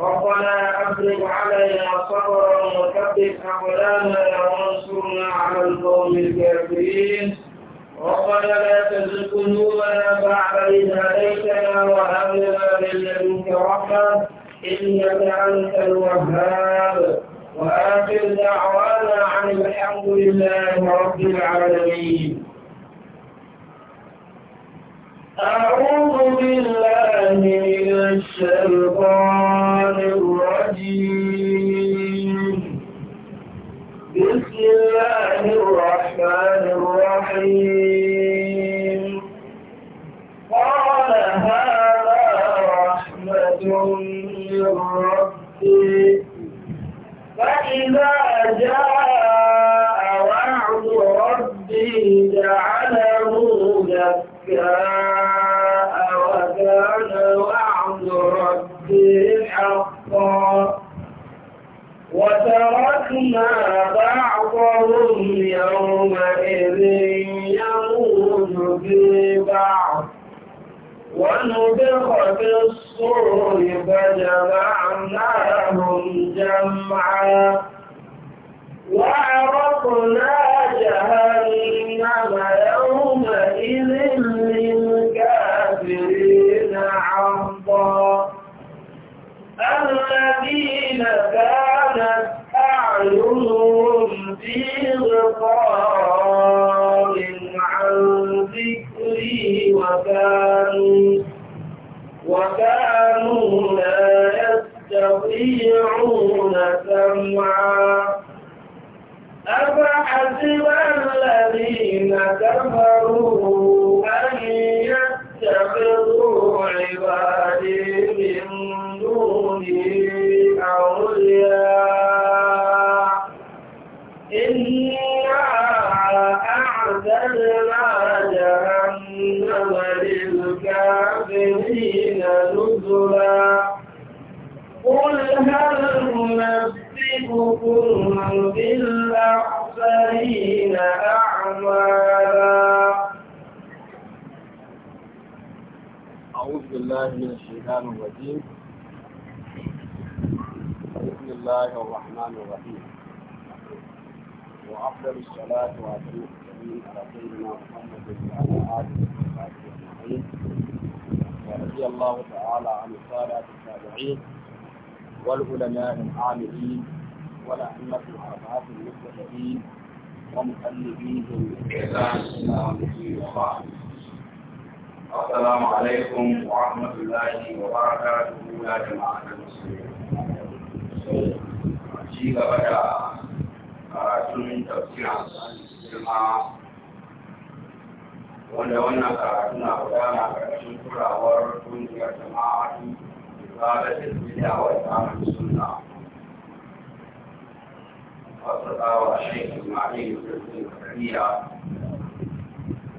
ربنا أفرغ علينا صبرا وثبت أقدامنا وانصرنا على القوم الكافرين ربنا لا تزغ قلوبنا بعد إذ هديتنا وهب لنا من لدنك رحمة إنك أنت الوهاب وآخر دعوانا عن الحمد لله رب العالمين أعوذ بالله من الشيطان الرجيم بسم الله الرحمن الرحيم قال هذا رحمة من ربي فإذا جاء وعد ربي جعله دكا ربي حقا وتركنا بعضهم يومئذ يموت في بعض ونبخ في الصور فجمعناهم جمعا وعرفنا جهنم يومئذ للكافرين عرضا الذين كانت أعينهم في غطاء عن ذكري وكانوا وكانوا لا يستطيعون سمعا أفحسب الذين كفروا أن يتبعوا اتخذوا عبادي من دوني أولياء إن بالله من الشيطان الرجيم بسم الله الرحمن الرحيم وأفضل الصلاة وأتم التسليم على سيدنا محمد وعلى آله وصحبه أجمعين ورضي الله تعالى عن الصلاة التابعين والعلماء العاملين والأئمة الأربعة المجتهدين ومؤلفيهم بإحسان إلى يوم الدين وبعد السلام عليكم ورحمة الله وبركاته يا جماعة المسلمين. جيغا بدا آه، كاراتون تفسير عن السلمة وانا وانا كاراتون عبدانا كاراتون يا جماعة إبادة البدع وإمام السنة فصدا وشيخ المعين في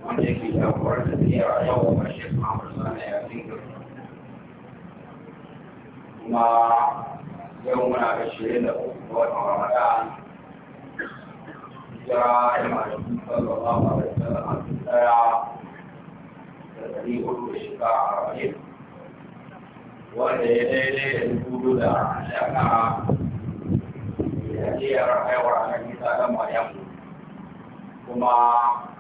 wanda yake jagorar da biya yau a shekaru kuma yau muna ga shirin da kuma wata da hudu da shiga a wanda ya daidai da dubu da shaka a kan nisa kuma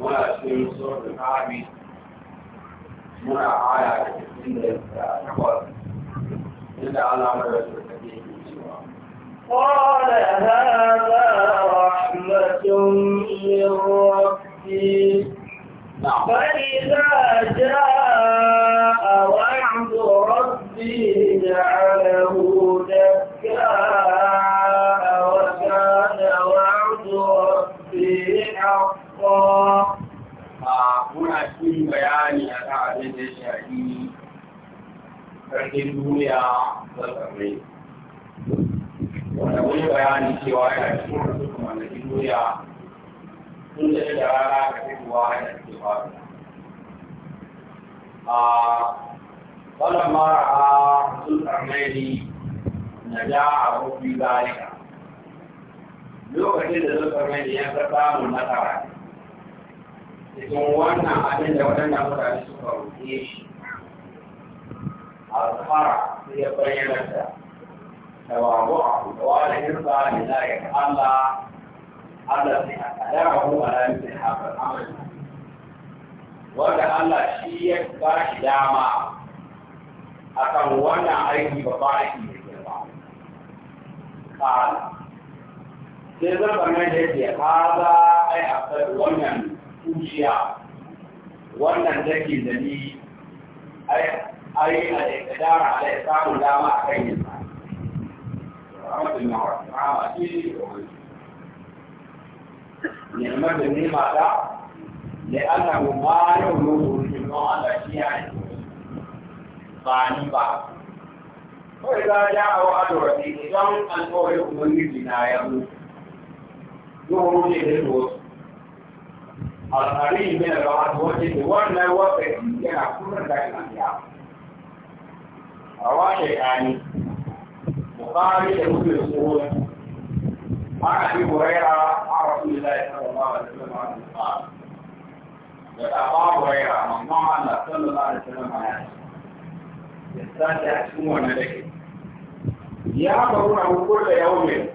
muna cikin sauran kami muna aya da cikin da takwas inda ana mara su da ke cewa قال هذا رحمة من ربي فإذا جاء وعد ربي جعله دكاء farko muna cikin bayani a kan abin da shafi karfin duniya da tsarrai wanda wani bayani cewa yana cikin rasu kuma da duniya sun da da rana ga fitowa yana cikin faru a wannan mara a sun tsarrai na ja a mafi zalika lokacin da zai tsarrai ya ta samun nasara cikin wannan abin da waɗanda mutane suka rufe shi alfara sai ya bayyana da tawabu a kuwa da hirsa da zai Allah Allah sai a kadara ko a ranar haka amana wanda Allah shi ya ba shi dama akan wannan aiki ba ba aiki da ke ba kala sai zaba mai da ke haza ai a wannan zuciya wannan dake da ni ai a kadara a da dama a kan yin sa rahama ce da wani da ni mata da Allah mu ba yau ne don Allah shi ya ne, ba ni ba kawai za a ja a wa'adu rafi idan alƙawarin ubangiji na ya mu, Zuwa ne da wasu alhari mai rawa wajen ke wannan wata yana kuma da lafiya a washe kani bukari da mutum tsohon aka fi huraira a rasulullahi sallallahu alaihi wasallam da ta ba huraira mamma Da sallallahu alaihi wasallam ya ce da sace a cikin wannan dake ya baruna hukur da yawmin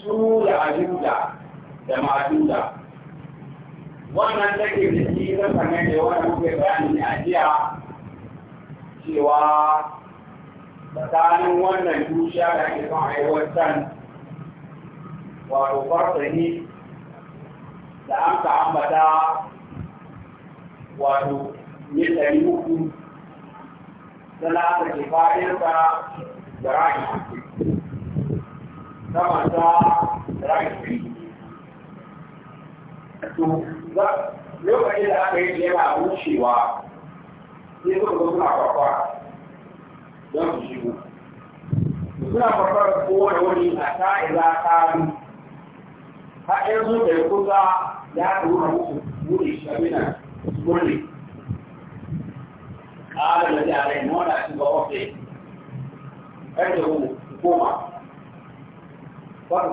su da ajuda da majuda wannan take da shi ta same da wanda muke bayani a jiya cewa tsakanin wannan dusha da ke son aiwatar wato farsani da an ka ambata wato ne ɗari uku sana ta ke ka da rahi sama ta rahi to za lokacin da aka yi yana wucewa sai suka zo suna kwakwa don su shigo suna kowane wani a taru Ha yanzu da kusa ya tura musu wuri na wuri ƙara da jarai mona su ga ofe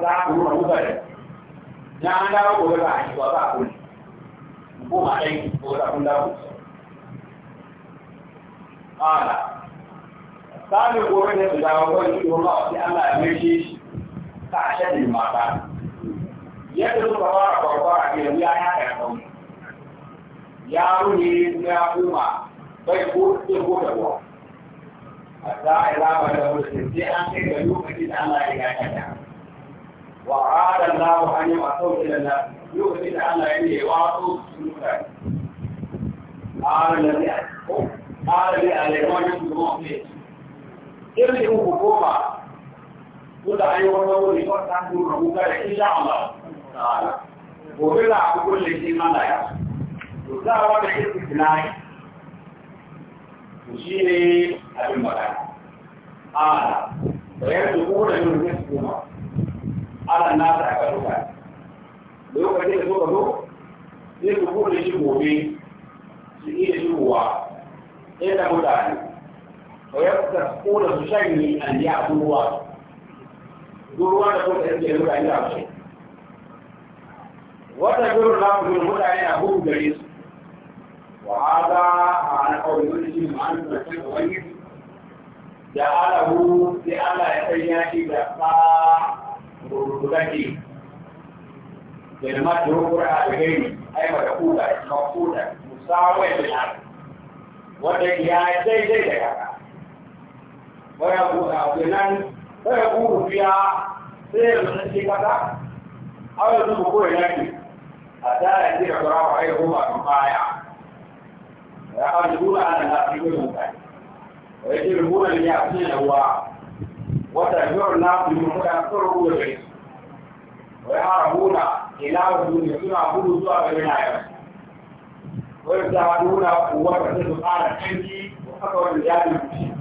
za a tura mutane na an dawo gobe ba a yi ba ba a kuli ko ma dai ko da kun dawo ala sanin gobe ne su dawo ko shi ko ma sai Allah ya mai shi ka shaddi mata yadda suka fara farfara ke ya ya ka kauni yaro ne ya kuma bai ko ko ko da wa a da ya ba da mutunci an kai da lokacin da Allah ya ga ta وعاد الله أن يعطوه إلى الناس يؤمن أن يعني يعطوا المتاعي قال الذي قال لي أليمان يسلمون فيه إرجعوا بقوما قل أيها الرجل لقد تنظر ربك إلا الله تعالى وبلا بكل شيء ما لا يعلم وصار بحيث الثنائي وشيني أبي المكان قال ويبدو قولا من الناس ana nasa ta aka ruka lokacin da suka zo sai su bude shi gobe su iya shigowa sai da mutane to ya fuka ko da su shanye a ne a ruwa ruwa da kuma yake mutane da shi wata gurin na kuma mutane na gudu gare su وهذا معنى قوله معنى مكان غير جعله لئلا da بأخطاء kurutulaki jadi mati hukur ada gini ayo pada kuda no kuda musawwe benar wadah dia aja aja ya kak wadah kuda dengan wadah kuda dia saya menanti kata ayo itu buku yang lagi ada yang tidak berapa ayo rumah kumpaya ya kan dulu ada yang tidak tidak tidak tidak tidak tidak tidak tidak tidak وتجرنا بالمتأثر بالعيد ويعرفون إلى وجود سنة كل سوى بالعناية ويزدادون قوة سبحان الحمد وخطوة الجاد المشي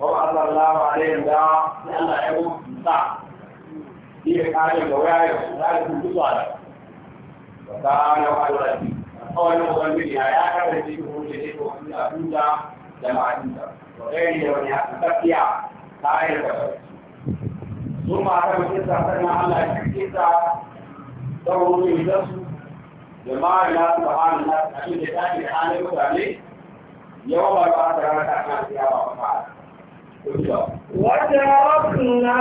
وبعث الله عليهم دعاء لأن يقوم بالساعة في حكاية الجوايا وذلك في سؤال وكان وعد ربي أول مغني يا كبرتي كل شيء وكل أبودا جماعتنا وغيره من هذا التقيا kayan da su ma aka mace ta sanin Allah ya kike ta saboda yi da su jama'a na su ba'an na su abin da ta ke hannun mutane yawan ba ta rana ta kan siyawa ba وتركنا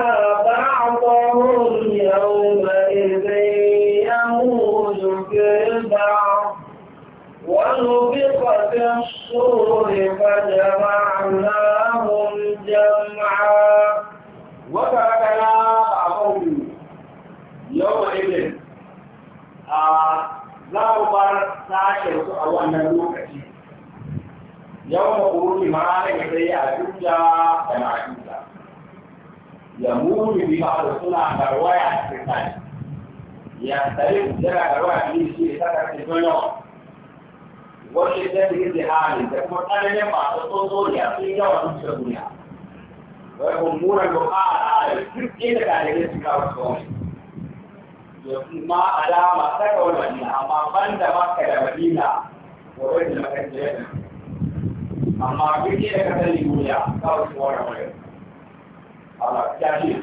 بعضهم يومئذ يموج في البعض ونفق في الصور فجمعناهم جمعا وتركنا بعضهم يومئذ za mu bar sashen su a wannan lokaci yau ma kuruki ma da sai a duka da ma'aikata ya muni bi ba da suna garwaya cikin sani ya tsare jira garwaya ne shi da ta karfe don yawa wanda ta fi yin hali da kuma tsananin masu tsotso da sun yawa su da duniya. Wai mummunan doka a al'adar duk inda ɗalibai su kawo su wani. Yanzu ma alama saka wani madina amma ban da maka da madina wa wani da makarantar yana. Amma duk inda ka sani duniya kawo su wani wani. Allah ya ce.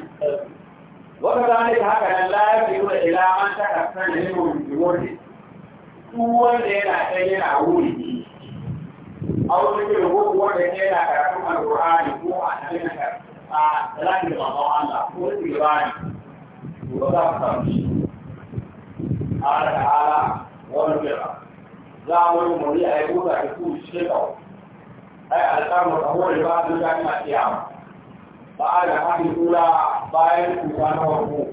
Wata zane haka nan la ya fi yi wa ilaman ta kasar da yin wani duk wanda yana ɗan yana wuri a wasu ke rubu wanda yana karatun alƙur'ani ko a tsarin a tsarin da mamman Allah ko su gabani to ba za ku samu shi ala da ala wani bira za a wani muri a yi buga da su cikin kawo ai alƙamar abuwa da ba su gani a kiyama ba a da haɗin kula bayan kuka na warko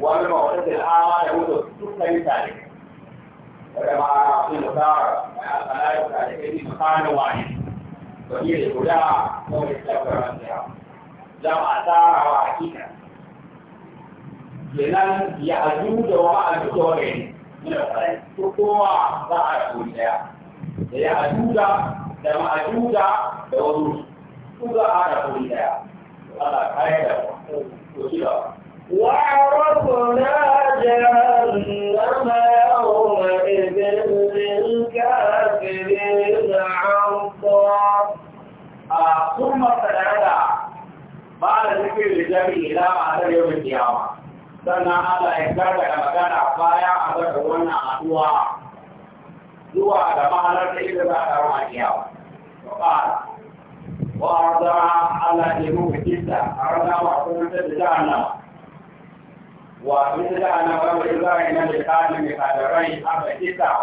wani mawadar da al'ama ya wuce dukkan tare 我也发，一五三二，哎哎，赶紧给你发着玩。手机数量，东西再不要紧了，两百三啊，今天。别人也很多啊，很多的，没有哎，不多啊，那还一些。人家租家，咱们租家，都是租个阿达一些，阿达开的，不知道。我不能见他们。للكافرين عرضا ثم تلالا بعد ذكر الجميع إلى آخر يوم القيامة sannan Allah da magana baya a daga wannan addu'a zuwa ga mahalar da ita a samu Wa ƙara, wa a Allah ya muku a rana da وإذا أنا بقول الله إن الإنسان مقدرين أبدا كتاب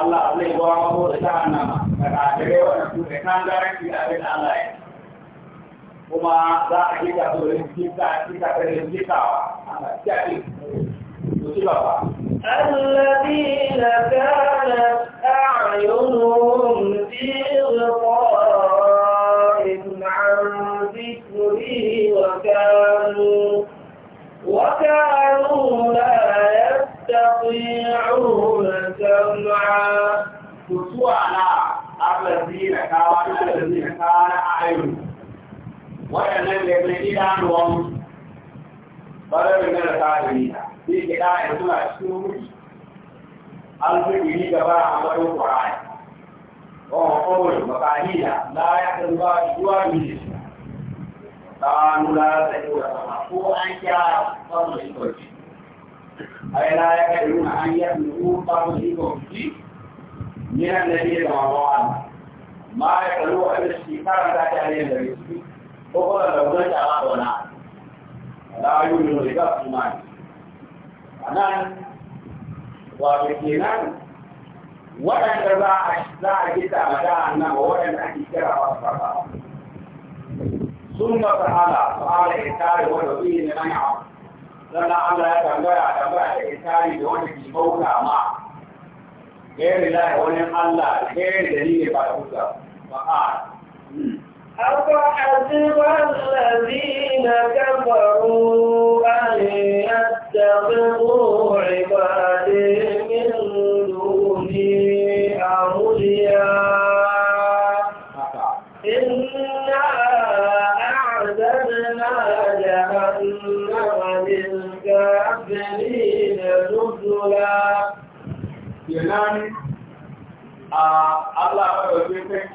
الله زي وامو جهنم مقدرين ونكون كندرين في أبد الله وما ذا كتاب كتاب كتاب كتاب أنا كتاب الذين كانت أعينهم في غطاء عن ذكري وكانوا وكانوا لا يستطيعون سمعا كسوانا الدين كانوا الذين كانوا أعين وأنا لم يدعوهم بل من الكافرين في كتاب يقول السوري الفقهي كما عملوا القرآن وهو قول مقاهية لا يحتمل الله سوى من الإسلام قالوا لا تجوز هو أن جاء فضل الزوج أي لا يكادون أن يبلغوا فضل الزوج من النبي صلى الله عليه وسلم ما يكلوا أن الاستيقاظ ذات عليه النبي وقال لو نجا غضنا لا يؤمن لك إيمان أنا وبكينا وأن تبع أشتاء جدا مدى أنه وأن أشتاء أصدقاء ثم فعل فعل إنكار ورضي لمن يعبد لأن الله يتنبع تنبع الإنكار بوجه موقع ما غير الله ولم الله غير دليل بعد فقال أفحسب الذين كفروا أن يتخذوا عبادي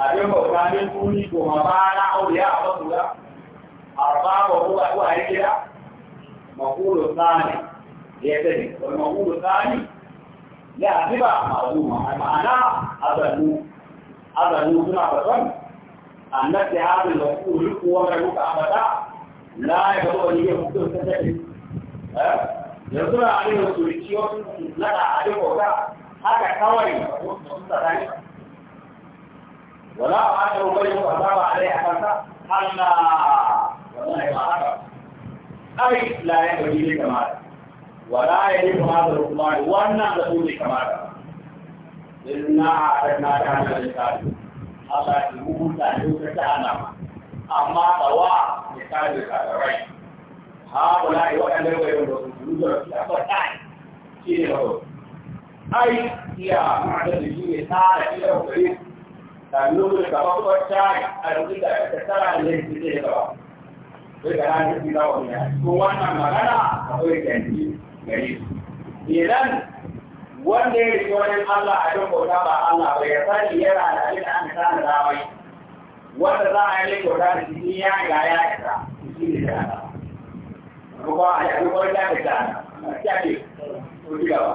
abin bauta min tuni goma ba na auliya a wasu da arbaba huwa huwa ya kira maqulu thani ya tabi wal maqulu thani ya tiba ma'luma ma'ana azanu azanu suna fatan annati hadhihi al-maqulu huwa ruka abada la yabu ni ya mutu sai eh yanzu na ainihin surici wasu na da ainihin bauta haka kawai wasu tsarani ولا أراد أبلغ أباب عليه حتى أن والله ما أعرف أي لا ينبغي لي كمال ولا يجب هذا الرحمن وأنا رسول كمال إنا أعرفنا كان الإنسان الله يقول تعالى تعالى أما دواء يكاد يكاد رأي هؤلاء وأنا لا يقولون يقولون لا فتاي كذا أي يا معدل الجيل تعالى إلى قريب sannan da gaba kuma ta a rubuta ta tara ne su ke gaba sai da ranar su gaba ne ko wannan magana akwai kyanci gari idan wanda ya rike wani Allah a duk bauta ba Allah ba ya sani yana da abin da an tana da mai wanda za a yi bauta da shi ya ga ya isa shi ne da Allah ko ba a yi ko da ta ta ta ce ko gaba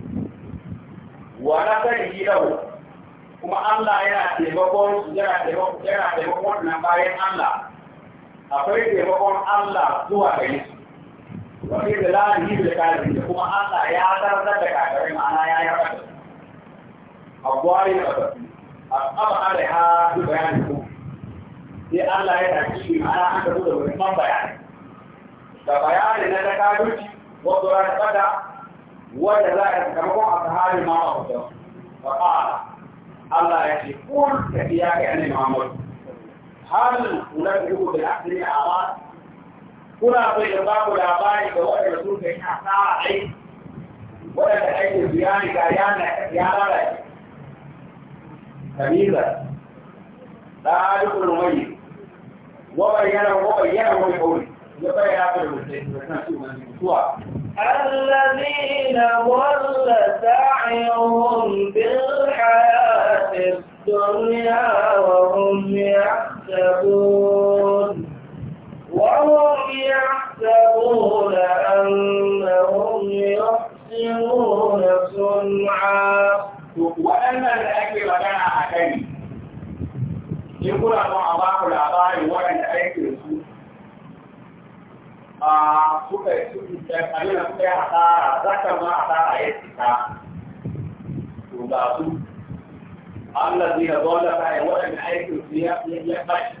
wa nasarihi lahu kuma Allah yana taimakon yana taimakon yana taimakon wannan bayan Allah akwai taimakon Allah zuwa gare su wa fi yi da kare da kuma Allah ya tarzar da kafirin ma'ana ya yarda da su abuwari da ba aba alaiha bi bayani ko sai Allah ya tafi ma'ana an da wani ban bayani da bayani na ta kafirci wato ran fada ولا لا يتكلموا عن هذه ما أخذوا فقال الله يحكي قل كفياك يعني محمد هل أنبئه بالأكل أعراض كنا في إطلاق الآباء كوالي رسول كإن أحساء عليه ولا تحكي بيان كأيان كأيان لك كبيرة لا يقول ميت وبينه وبينه ويقول يبين أكل المسلم الذين ضل سعيهم في الحياة الدنيا وهم يحسبون وهم يحسبون أنهم يحسنون صنعا وأن الأكل كان عكري يقول أبو عباس العباري وأن أكل a suka yi suka a a ya fita to ga su Allah zai da zuwa da kayan aikin su ya ya bashi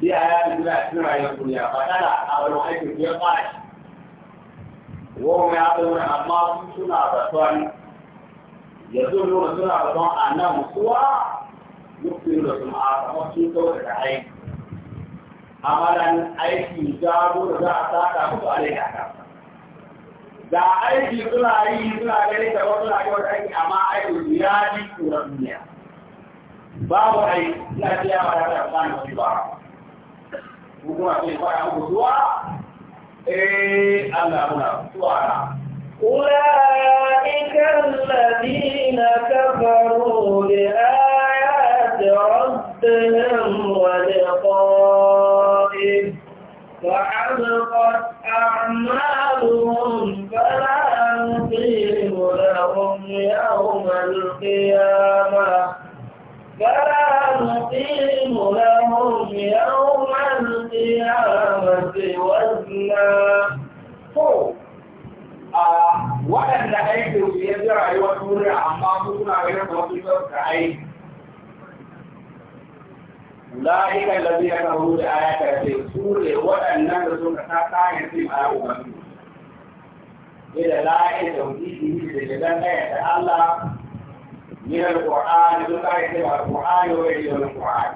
sai a yaɗa gida a cikin rayuwar duniya aikin su ya ya suna ya nuna suna a nan kuwa mutum da suna a sun aiki amalan aiki jago da za a saka musu a laika ka da aiki suna yi suna gani da wasu na wata aiki amma aiki ya ji tsoron duniya babu aiki suna biya ba da ta sani wasu ba hukuma ce fara muku zuwa eh Allah muna zuwa أولئك الذين كفروا بآيات ربهم kuskure amma kuna ganin wasu sauka ai ذلك الذي يكره لآيات الرسول وأنه رسول كان يتم على أمته إلى لا توحيده لجدان آية الله من القرآن لا يتم على القرآن ويجد من القرآن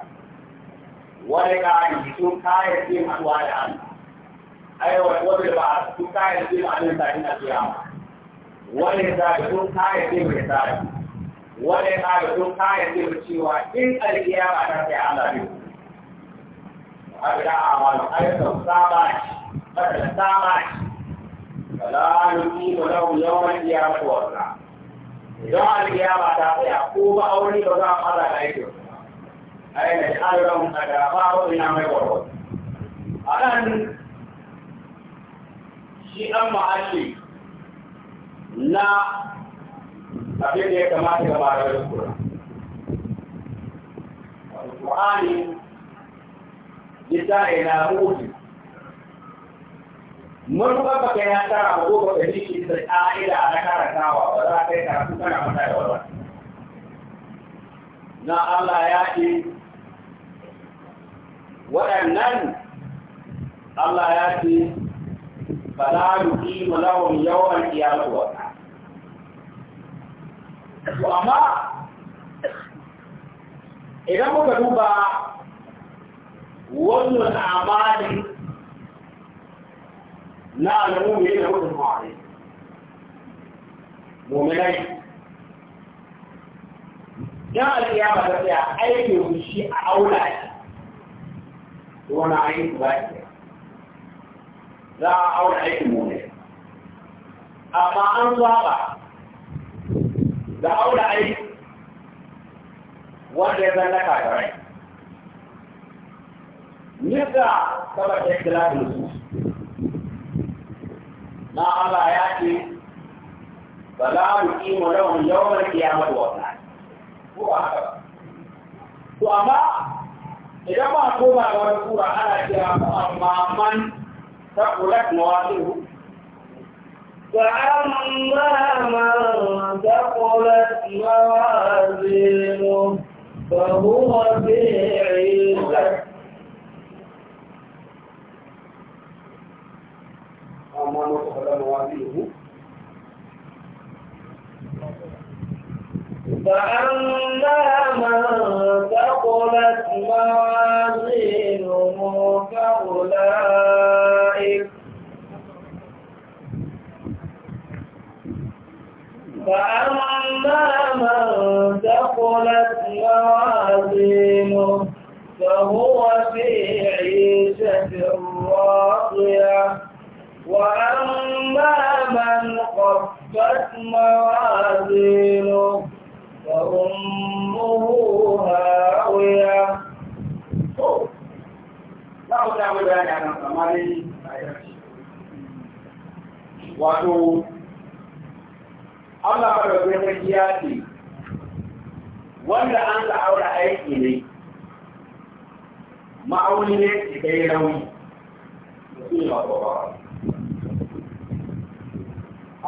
ولقاء يسوع كان يتم على الله أيوة وبالبعث كان يتم على الإنسان القيامة wani da sun kaya ne mai tsari wani da sun kaya ne mai cewa in alkiyama ta kai Allah ne abin amalu ayyukan saba shi kada saba shi kala yuki mu lahu yawmal qiyamati wasa idan alkiyama ta tsaya ko ba aure ba za a fara da aikin ai ne Allah ka da ba ina mai warwa anan shi an ma'ashi na abin da ya kamata ga marar kura Al-Qur'ani littafi ina rufi, mun baka kai ya tara ko ba da shi da ƙa'ida na karatawa ba za ka yi karatu kana mata da wala na Allah ya ce waɗannan Allah ya ce fala yuqimu lahum yawon qiyamah to amma idan muka duba wannan amali na alamomi yana wata mawari mominai yan alƙiya ba ta tsaya aikin shi a aula ne wani aiki ba ke za a aure aikin mominai amma an saba da aure ai wanda ya zanna kakarai nisa saba ta ikilafin su na Allah ya ce ba za mu kima yawan yawan kiyamar wata ko a haka ba to amma idan ba koma ga wani kura ana cewa amma man ta kula kuma wasu فأما من ثقلت موازينه فهو في عزة فأما من ثقلت موازينه فأولئك فأما من ثقلت موازينه فهو في عيشة راضية وأما من خفت موازينه فأمه هاوية Wato Allah da sarki ya ce wanda an ga aure aiki ne ma'auni ne ke kai rauni da su ne masu ba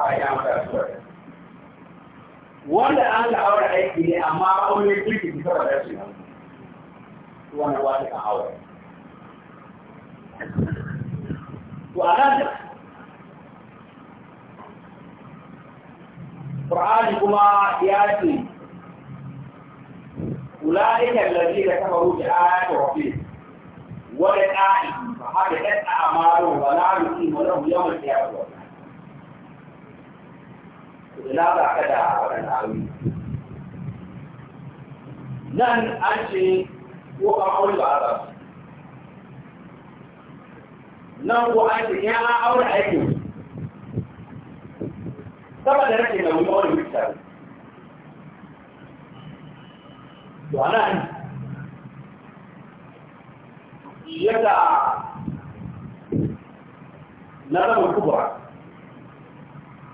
a yi an kasuwar wanda an ga aure aiki ne amma ma'auni ne ke kai saboda rashin wani wani kan aure to a nan Qur'ani kuma ya ce أولئك الذين كفروا بآيات ربهم ولقائهم فحبطت أعمالهم ولا يقيم لهم يوم القيامة وزنا. إلا بعد ولن nan an ce ko an aure ba a طبعا انا كده لو اقول بالكتاب وانا يدع نظم الكبرى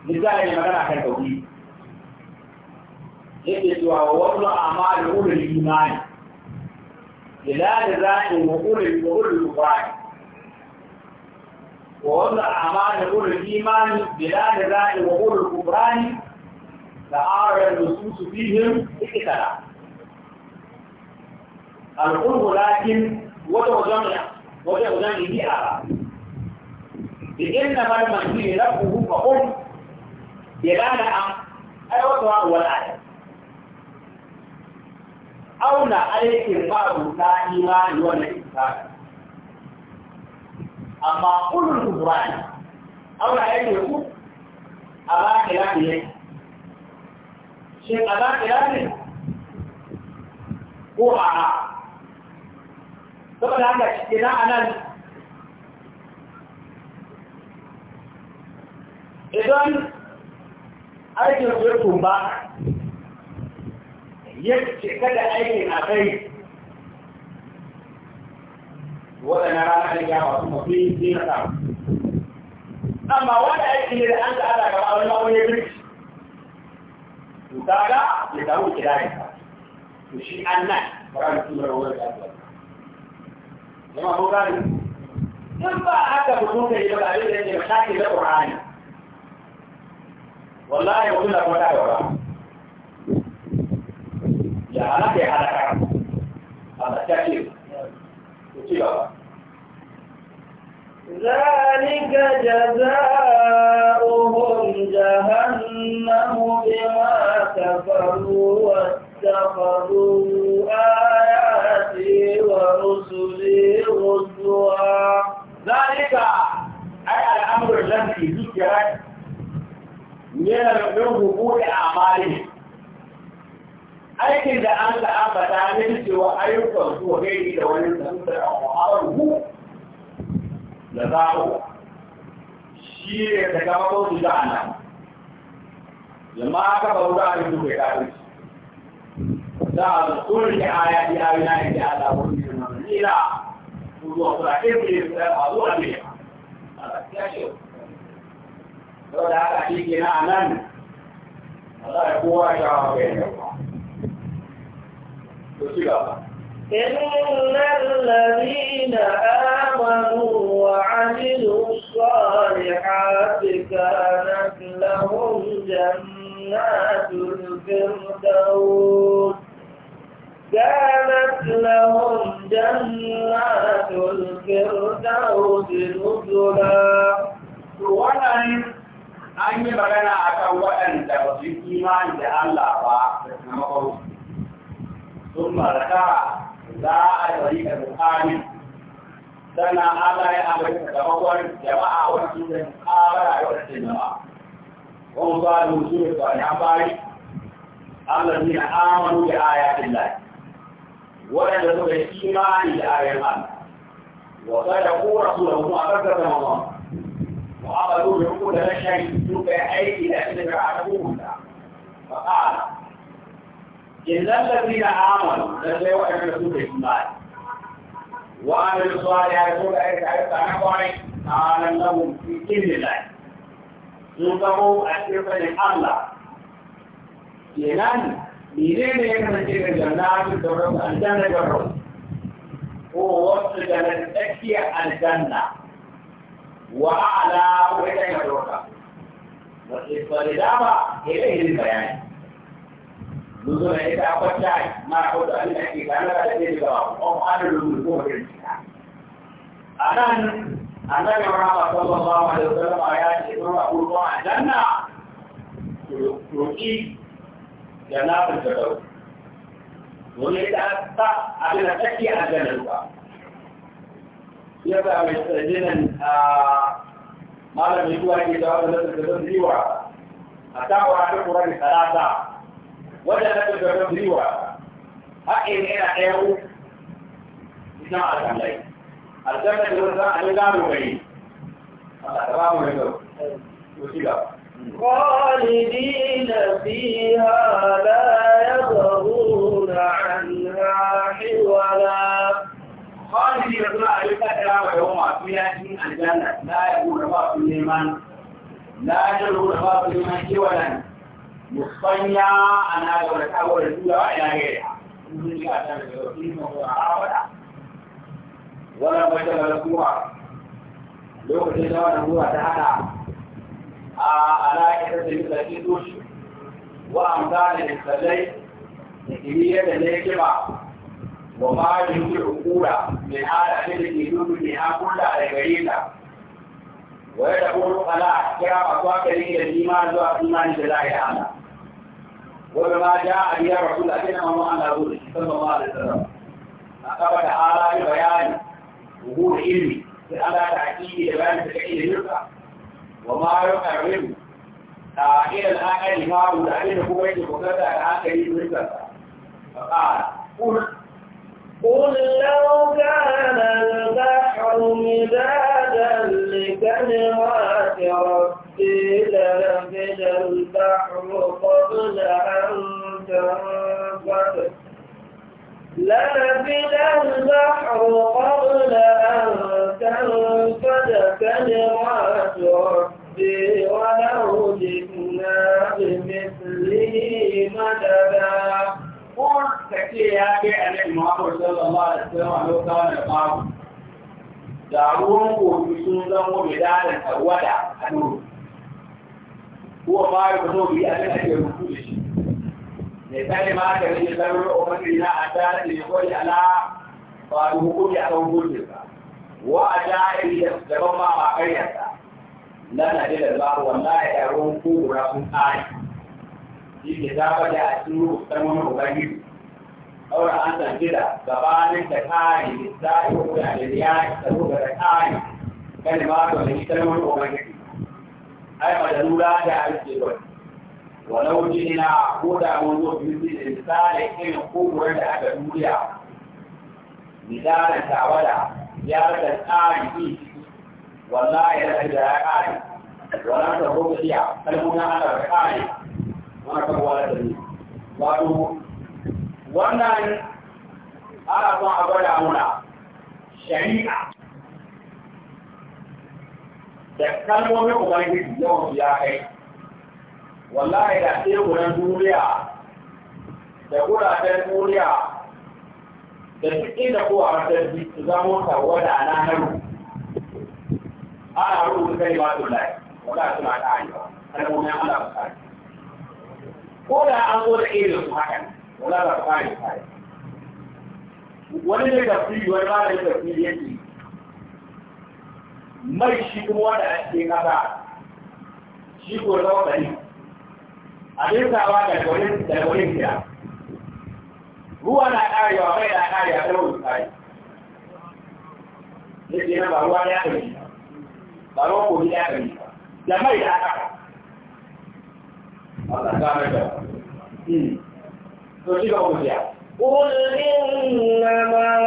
لذلك لما كان عشان توحيد يجد ووضع اعمال اولى الايمان الى نزاع وقول القران ووضع أعمال أولي الإيمان بلا نزاع وقول الكفران تعارض النصوص فيهم اقتلاع القرب لكن وجه جمع وجه جمعه أعلى لإنما المنهي لفظه فقم دلالة أيوة والآية أولى عليك البعض لا إيمان ولا إنسان amma kullum su zuwa ne auna ya ke ku a ba ka yafi ne shi a ba ka yafi ko a a saboda haka idan a nan idan aikin ya tumba ya ce kada aikin a kai waɗanda ranar da ya wasu mafi ne na samu amma wanda aiki ne da an ka ala gaba wani mawai ya birki to kaga ya samu kirayen ka to shi an nan bara da tura rawar da aka zama ko gani in ba haka mutum ka yi ba abin da yake shaƙi da ƙur'ani wallahi wani na kuma ta gaba ya halaka ya halaka Allah ta ce cigaba ذلك جزاؤهم جهنم بما كفروا واتخذوا آياتي ورسلي هزوا ذلك أي الأمر الذي ذكر من العلوم أعمالهم aikin da an da ambata ne cewa ayyukan su gairi da wani da su da muhawaru da zaɓo shi ne da kama ko su da nan jama'a ka ba wuta ne su kai kafin da a tsoron da aya ya yi na yadda ya da wani da mamani na zuwa sura ke ne su da ba zuwa ne a ya ce da haka shi ke na nan Allah ya kowa ya shawo kai ne ba إن الذين آمنوا وعملوا الصالحات كانت لهم جنات الفردوس كانت لهم جنات الفردوس نزلا wannan an yi أتوأن akan إيمان ba su ثم ركع لا يريد البخاري سنة الله يأمرك تمول جماعة على مقابلة ورسول وهم قالوا سورة العنباري الذين آمنوا بآيات الله ونزلوا يكن الإيمان لآيات الله وصدقوا رسوله أبدا رمضان وعملوا بعقول لا شيء سوف يأتي لأن الله فقال إن الذين آمنوا لدي وإن رسولهم بعد وعمل الصالحات أولئك عرفت عن أخواني تعالى في كل الله سلطه أشرفا لله لأن منين يكفي الجنات الدرس الجنة الدرس هو وصف جنة أكي الجنة وأعلى وإلى الدرس والإصفال إليه البيان نزول عيد أول شيء ما أقول أن أحكي أنا لا أدري أو أنا المسؤول أنا أنا كما صلى الله عليه وسلم آيات إبراهيم أقول الله الجنة تلقي جناب الجدول وليس أتى على تكي الجنة يبقى مستجنا ما لم يكن هناك جواب لذلك الجدول أتى وعلى القرآن ثلاثة wanda na kuka don riwa haƙƙin yana ɗaya ku ita a kallai aljanna da wanda a yi gano mai Allah ta ba mu mai kyau ko ci gaba خالدين فيها لا يبغون عنها حولا خالدين suna a yi kakira wa yawon masu yakin aljanna la ya gura ba su neman la ya gura ba su neman kiwalan مصطنع أنا دولة أول الأولى إلى غيرها ولا بشر لكوها لو كنت دولة هو تعالى على كثرة المساكين دوش وأمثال المسلين لكمية النيكبة وما يمكن عقولا من هذا الذي يدل بها كل الغريبة ويدخل على أحكام أسواق الإيمان وأيمان بالله تعالى وما جاء يا رسول الله كما أنا أقول صلى الله عليه وسلم أقبل تعالى ببيان ظهور علمي على تأكيد بيان تكعيد يرفع وما يقرب إلى الآن ما هو تعليم قوة وكذا الآن كريم يرفع فقال قل قل لو كان البحر مدادا لكلمات ربي لنفد البحر قبل أن تنفد لنفد البحر قبل أن تنفد كلمات ربي ولو جئنا بمثله مددا قول تكي يا جي أن المعبر صلى الله عليه وسلم لو كان يقام دعوهم ويسون ذنبه بدالا أولا أنور هو ما يبدو بأن أجل رسوله لذلك ما كان يسرر أمرنا أداء ليقول على فالحكم على وجودك وأداء ليستقم مع غيرك لن أجل الله والله يرون كورا من آيه shi ke zaba da a cikin rubutan wani ubangiji ɗaura an tsanjira gabanin da kare da zaɓi ko da da ya da ko da kare kan ba to da ita wani ubangiji ai ba da lura da arziki ba walau jinina ko da mun zo biyu da misali irin kokuwar da aka duniya misalin tawada ya rasa tsari ɗin wallahi ya rasa da ya kare wannan da rubuciya kalmomin ana da kare aka wada ne wato wannan ana son a gwada muna shari'a da kalmomin ubangiji yawan su ya kai wallahi da teburan duniya da guraben duniya da duk inda ko a rasarci su zamo tawada na naru ana rubuta kai ba su lai wala suna ta hanyar kalmomin ana bukari ko da an zo da irin su haka wala ba fari fari wani ne da fili wani ba da fili yake mai shi kuma wanda a cikin kasa shi ko zama ɗari a dinsawa da gwanin da gwanin gida ruwa na ƙarewa mai na ƙarewa ta wani tsari yake na ba ruwa ya ɗari ba ruwa ko ya ɗari da mai da aka قل إنما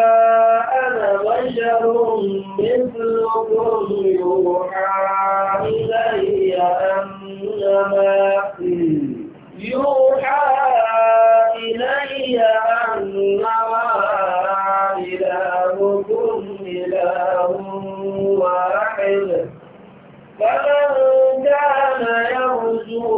أنا بشر مثلكم يوحى إلي أنما يوحى إلي أنما إلهكم إله واحد فمن كان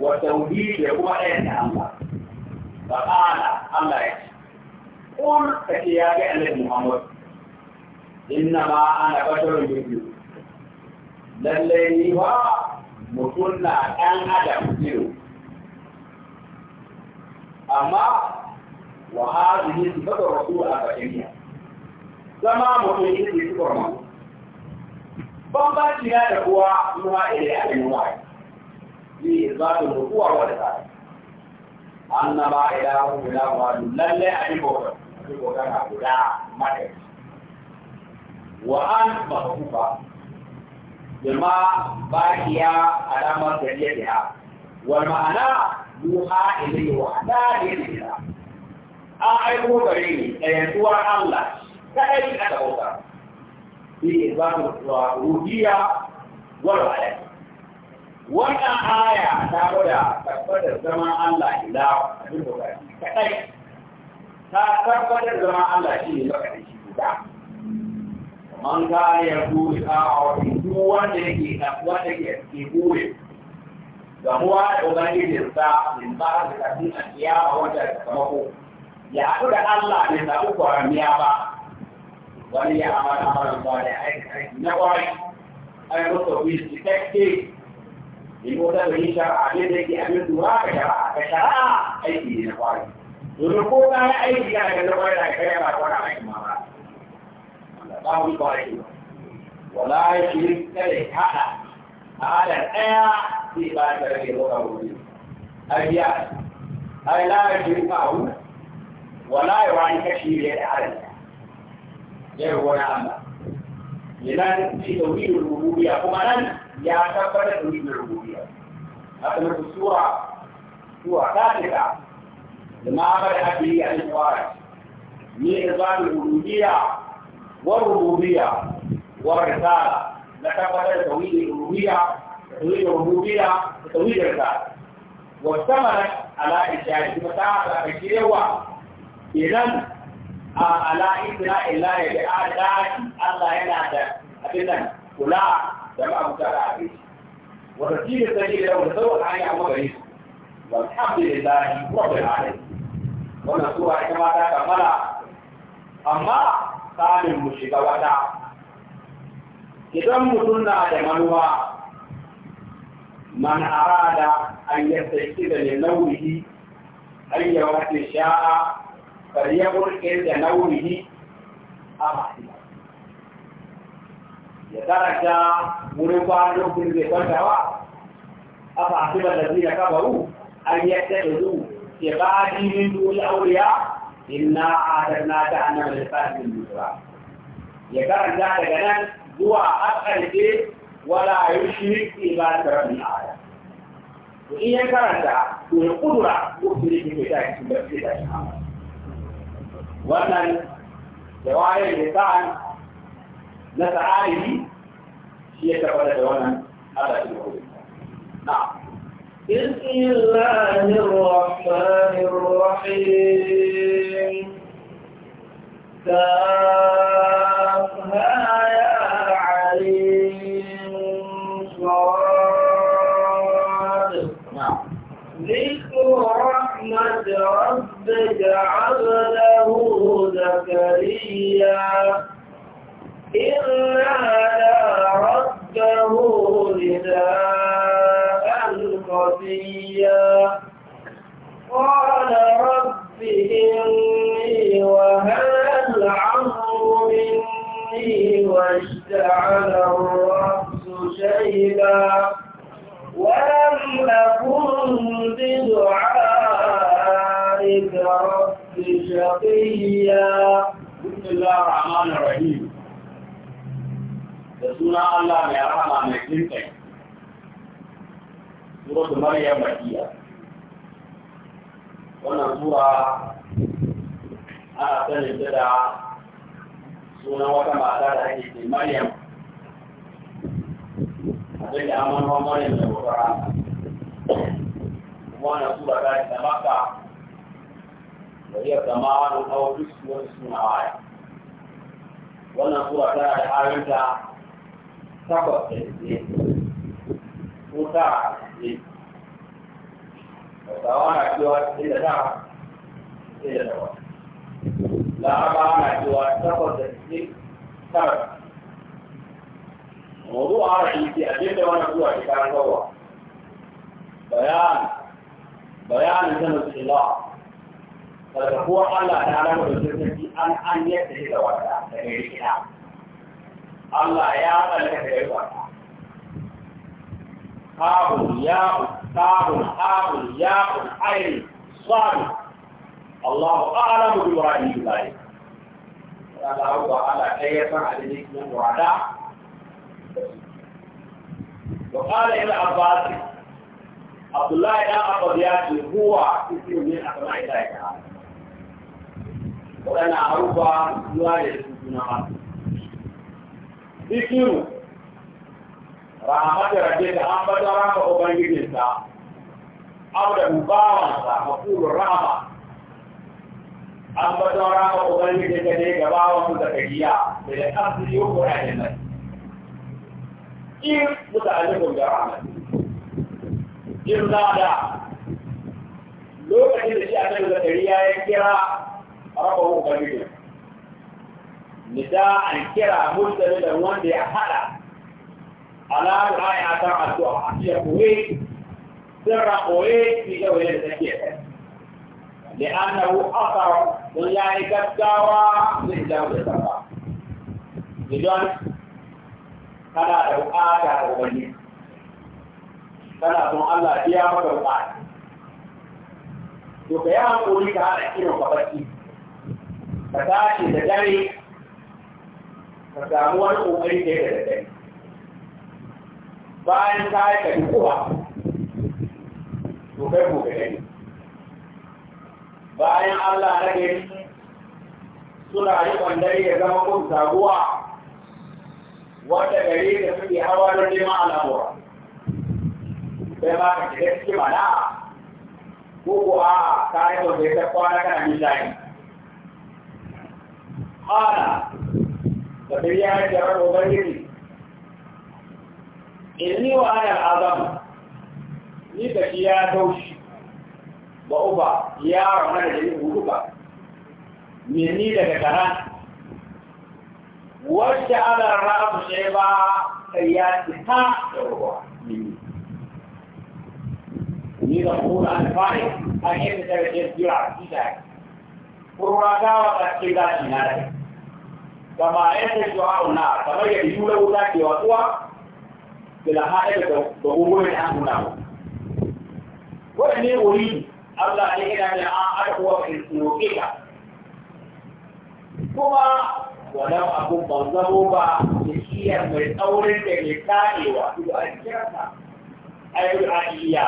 وتوحيد يقوى أين الله فقال الله قل فتياك أن محمد إنما أنا بشر مثلك للي هو مكنا أن أدم مثلك أما وهذه صفة الرسول البشرية zama mutum yake su kurma. Bambanci na da kuwa nuna ile في إظهار الوقوع والإقامة أن ما إله إلا واحد لا لا أبي بكر أبي بكر أقول ما وأن مخوفة بما باقي على مرجعيتها والمعنى يوحى إليه وحدان إليها أعلم بريني أيتوى الله كأي أتوقع في إظهار الوقوع والإقامة wannan aya ta gwada tabbatar zama Allah ila kadai ta tabbatar zama Allah shi ne maka shi guda man ka ya buri a wani duk wanda yake da wanda yake ke buri gamuwa da ubangijin sa in ba da kafin a kiyama wanda da kamako ya haɗu da Allah ne da uku miya ba wani ya amara amara ba da aiki na kwari ai mutu bi cikakke لموت به شرع عبيدك أمن دواك شرع كشرع أيدي نفاري ونقول لا أيدي لا كنوار لا كيما كنا عليك ما لا هو يبارك ولا يشرك كله هذا هذا الآية في بعض الكتب أبيات أي لا يشركه ولا يوانك شيء يدعي يروون عنه لمن في توحيد الربوبية هم لن ya tabbatar da wannan rububiyya haka ثالثة sura sura ta لما بدأ به عن الخوارج من إرضاء الألوهية والربوبية والرسالة لتقبل توحيد الألوهية توحيد الربوبية وتوحيد الرسالة واشتملت على إشارة المتاعة الشيوة إذن آه، على إبتلاء الله بأعداء الله ينادى أبدا كلا جماعة مكالة عليه وترتيب السبيل له نتوقع عليه عن مدرسه والحمد لله رب العالمين wannan sura ita ma ta kammala amma tsarin mu shiga wata idan mutum na da manuwa man arada an yastaiki da ne nauyi an yi wata sha'a bari ya burke da nauyi a masu ya karanta wurin kwanan lokacin zai kwantawa a fasibar da zina kabaru an yadda da zu ke ba a jinin duni auriya inna a tarna ta annan lissafin mutuwa ya karanta daga nan zuwa a ƙarshe wala yi shirik ibadar rabin aya to in ya karanta to ya kudura ko su ne ke ta cikin da ke da shi wannan da wayan da sa'an na ta'ayi shi ya tabbata da wannan بسم الله الرحمن الرحيم تافها يا عليم صاد نعم. ذكر رحمة ربك عبده زكريا إنا لا رده نداء خفيا قال رب إني وهل العمر مني واشتعل الرأس شيبا ولم أكن بدعائك رب شقيا بسم الله الرحمن الرحيم da suna Allah mai rahama mai kirkai suratul maryam makiya wannan sura ana sanin ta da sunan wata mata da ake ce maryam abin da amon ruwan maryam da wata rana wannan sura ta yi da maka da iya zama wani hawa duk wani suna waya wannan sura tana da harinta takwas ɗaiɗe ko ta ɗaiɗe Hausawa na cewa ɗaiɗe da ta ɗaiɗe da takwas Laraba na cewa takwas da ɗaiɗe tara موضوع عربي في أجندة وأنا أقول لك كان هو بيان بيان سنة الله فهو الله تعالى في أن أن يتهد وعلا فإن الكلام الله الله يا قابل يا الله اعلم بمراد الله الله وعلى اي وقال ابن عباس عبد الله يا ابو دياك هو اسم من اسماء الله تعالى وانا اروى يوالي سيدنا محمد ikiru rahmat rabbi da ambata rama ubangijinsa abda bawansa mafulur rahma ambata rama ta ne ga bawan da kariya da da asiri qur'anin nan in muta'alliqun bi rahmat in da lokacin da shi annabi zakariya ya kira rabbahu ubangijinsa نداء كرا مرسل وان دي أحدا على رأي أتاع الدعاء عشية قويت سر قويت في جوهر الزكية لأنه أثر يعني كالدعوة من جوهر الزكاة لجون كان له آتا وبنية كان له الله فيها وكالقاعد وكيان قولي كان أكيد وكبكي فتاشي تجري ka samu wani kokari da yake da kai bayan ta yi ka dukuwa to kai kokari ne bayan Allah na gari suna yi kwandari ya zama kun sabuwa wata gari da suke hawa da neman al'amura sai ma ka shiga cikin mana ko ko a ka yi kwandari ta kwana kana misali. Ana kamar ya jawar ubangiji inni wa ana azam ni da shi ya taushi ba uba ya rahana da yin huduka minni daga karan wacce ala ra'abu sai ba kai ya ta da ruwa minni ni da kuma an fari a yadda da ke jira shi da kurwa ta wa ta ke da shi na rai kama yadda shuha'u na kamar yadda yura wuta ke watsuwa bila haɗe da gugurin an nuna Ko waɗanne uri Allah ne ina da an arkuwa in roƙe kuma walau abun ban zamo ba da iya mai tsaurin da ke karewa su a kirasa ayyul aliyya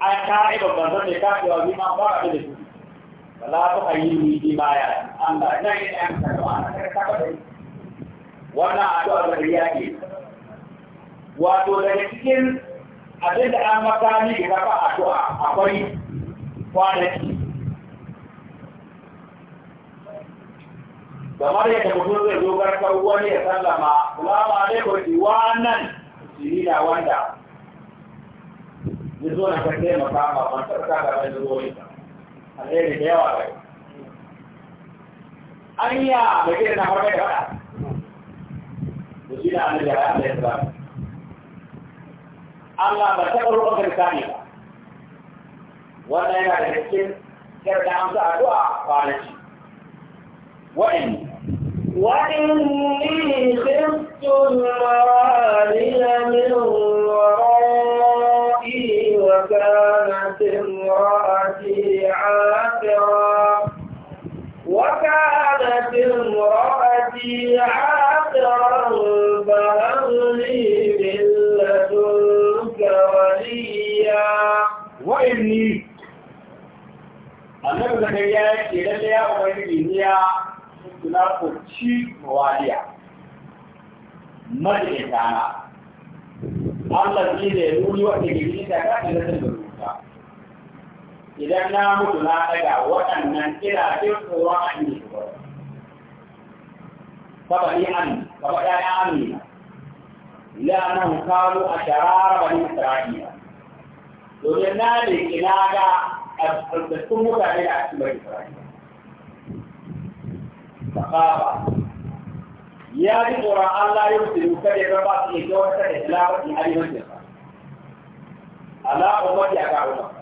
an kare babban zan da karewa bi ma ba a da su wala bi ya Allah na yin amsa da ana wannan wato daga cikin abin da an maka da ka addu'a akwai kwanaki kamar yadda mutum zai zo garkar wani ya sallama salamu alaikum shi wannan shi na wanda ya zo na ka taimaka ma ban sarka da wani zuwa alheri da yawa bai anya mai gidan na farko ya faɗa to shi da annabi ya faɗa ya faɗa Allah ba ta ƙarfi ƙarfi sani ba wannan yana da cikin kyar da amsa addu'a kwanaki wa'in وإني خفت الموالي من ورائي وكانت امرأتي عاقرا وكانت امرأتي عاقرا فهب لي من لدنك وليا وإني annabi zakariya ya ce lalle ya ubangiji ne ya na kurci waliya madina Allah shi ne ruri wata gidi ta kaɗa da ta rubuta idan na mutu na daga waɗannan kirakin kowa an yi shugaba. Saba ni an, saba ɗaya amina, la'anan kalu a sharara bani Isra'ila. Domin na da ina ga albarkatun mutane a cikin bani Isra'ila. Sakaba, ya ji tsoron Allah ya mutu duka da ya ba su iya kyautar da ilawar da harimancinsa. Allah umar ya ga umar.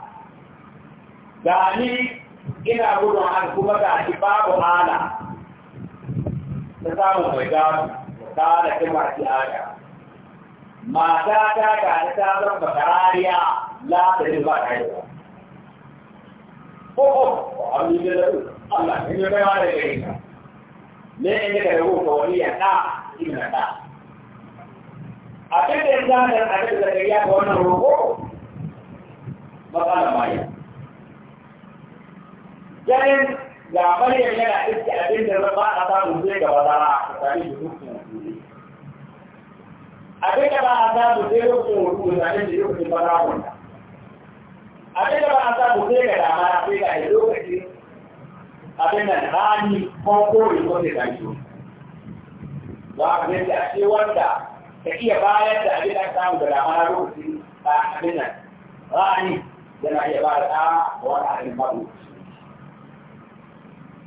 gani ina gudun an kuma ga shi babu hala ta samun mai gano ta da kimar ki aya mata ta ga ta zan bakarariya la ta yi ba ta yi ba ko ko abu ne da Allah ne ne ba da kai ne ne da ruwa ko wani ya ta ina ta abin da ya zama da abin da ya ga wannan roƙo matsalar bayan ganin ga maryam yana iske abin da ba a samu zai gaba da a tsari da dukkan abin da ba a samu zai lokacin hudu da tsarin da lokacin farawun abin da ba a samu zai ga dama na sai ga lokacin abin da hali ko kore ko sai ga shi ba a zai da ce wanda ka iya bayar da abin da samu da dama na lokacin abin da ra'ani yana iya ba da wani abin ba lokacin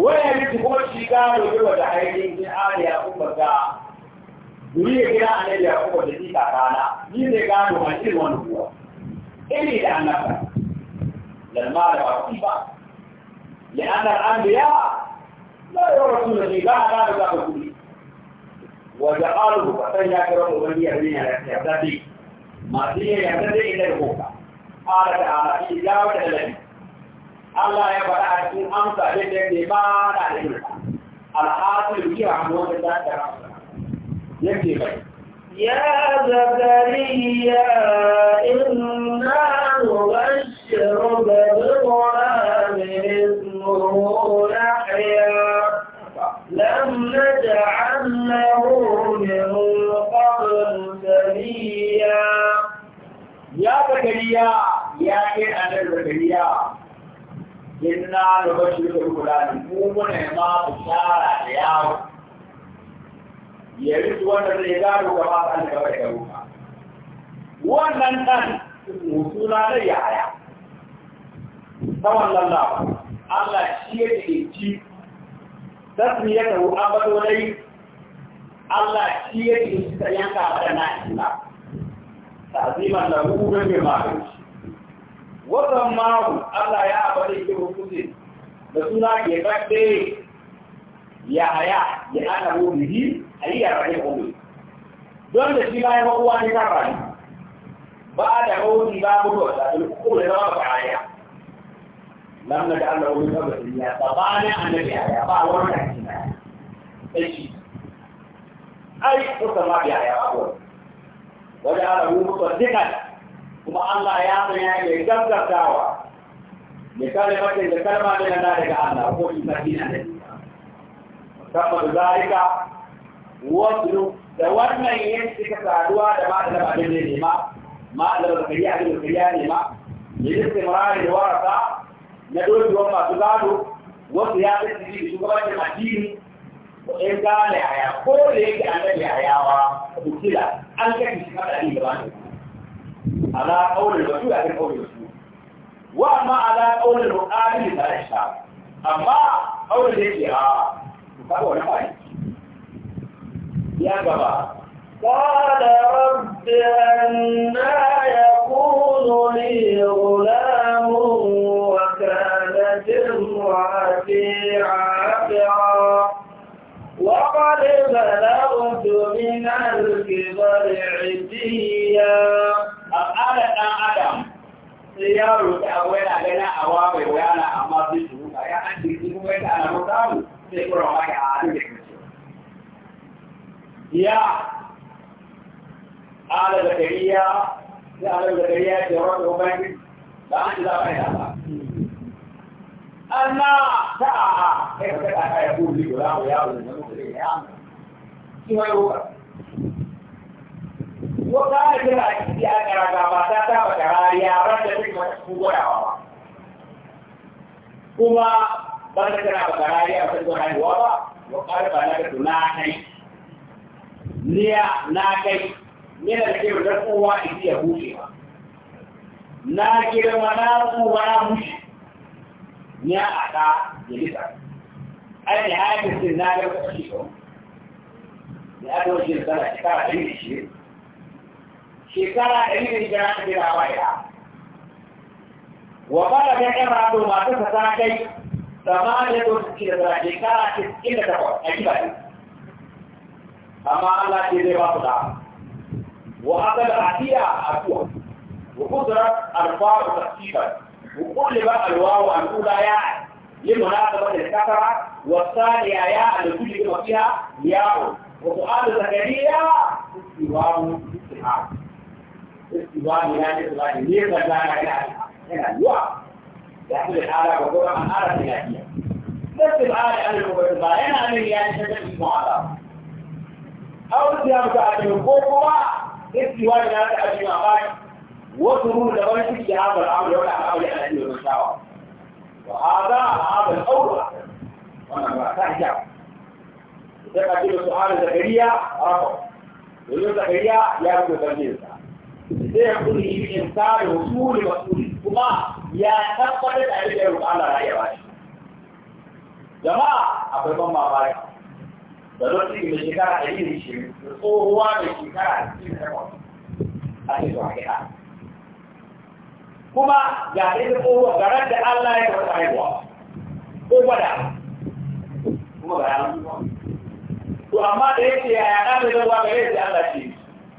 wani ya ko shi gano yawa da ainihin sai ana ya kuma ga duri ya gina a nan ya kuma da jika rana ni ne gano a cikin wani kuwa iri da annaba lalma da ba su ba لأن الأنبياء لا يورثون الغيباء لا يزال كله وجعله فتن يكره من يهدي يهتدي ما فيه يهتدي إلا الهوكا قال تعالى في إجابة الذي الله يبارك في أمسا يدك يبارك عليك الحاصل هي عمود الله يا زكريا إنا نبشرك بغلام اسمه يحيى لم نجعل له من قبل سريا يا زكريا يا كير أنا زكريا inna da bashi da kula ne mu muna ma bishara da yawo ya rufe wanda zai gado gaba ta an gaba da ruka wannan dan mutuna da yaya tawallan Allah Allah shi yake ci tasmiyar da abado dai Allah shi yake ci ta yanka da na ila ta'ziman lahu bi ma'ruf watan mahu Allah ya abada yake hukunci da suna ke kaɗe ya haya ya ana rubihi a yi yara ne don da shi ma ya makuwa ne kan rani ba da rauni ba mutu a tsakin kuma ya zama ba haya nan na da Allah wuri kaba da ya tsabanin annabi haya ba wani da shi na shi ai kusa ma bi haya ba wani wajen ala wuri mutu a kuma Allah ya sanya ya gaggatawa ya kare mace da kalma da yana daga Allah ko in sarki na dai da zalika wasu da wannan yin suka saduwa da mata da abin ne ma ma da kariya da kariya ne ma ya yi istimrari da warasa na dokewar masu gado wasu ya fi tsiri da shugabancin addini in gane a ya ko da yake annabi a yawa kila an kashe shi kada da yi gaba da على قول الرسول على قول المسؤول وما على قول المؤمن لا يشاء أما قول الإشكال فهو نفعي يا جماعة قال رب أنا يكون لي غلام وكانت امرأتي عاقرا وقد بلغت من الكبر عتيا sai yaro ta abu yana gana a wawai yana amma zai su ruka ya an jirgi kuma yana ana mutamu sai kura wani a hannun da kuce ya ala zakariya ya ala zakariya ce wani ubangi ba an ji zaɓa ya ba anna ta'a kai ka ta ka ya kuri guda ya wuri na mutum ya amma shi wani ruka ko ta da kira a ciki a karaga ba ta ta ba karariya ran da duk wata kugorawa ba kuma ba ta kira ba karariya ba ta gorawa ba wa ƙarfa na da tunakai niya na kai yana da kyau da kowa isi ya bushe ba na girma na kowa na bushe ni a ɗa ya lita ai ne haifin sin na ga kwashi ba ne a ɗauki da sana shekara ɗari da shirin shekara ɗari da hijira ta bi da baya wa bala da ɗan rato masu fasa kai sama da zo su da zara shekara cikin da takwas a kiba ne amma Allah ce zai ba su da wa haka da asiya a tuwa wa kudura alfaru tafsirar wa kulle ba alwawa an kula ya لمناسبة الكثرة والثانية ياء لكل ما فيها ياء وسؤال زكريا استواه الاستحاق istiwa ne ya ne ba ne ba za na ga yana zuwa ya fi da tsara ga kuma an ara da lafiya sai ba da alƙawari ba yana nan ya ce da mu ala aw da ba a da ko kuma istiwa ne ya ta ajiya ba wasu ruhu da ban shi ya ba al'amari wala al'amari ala ne ba shawa wa hada hada al'awla wannan ba ta hijab sai ka ji su ala zakariya rafa domin zakariya ya rubuta tafsirinsa zai kuri in tsari wasuli wasuli kuma ya tabbatar da abin da ya roƙa na iya ba shi jama'a akwai ban mamaki da lokaci mai shekara ɗari da shi da tsohuwa mai shekara ɗari da takwas a cikin hakika kuma ga ɗaya tsohuwa garar da Allah ya taɓa haihuwa ko gwada kuma ga yalan to amma da yake yaya ɗan da zuwa gare shi Allah ce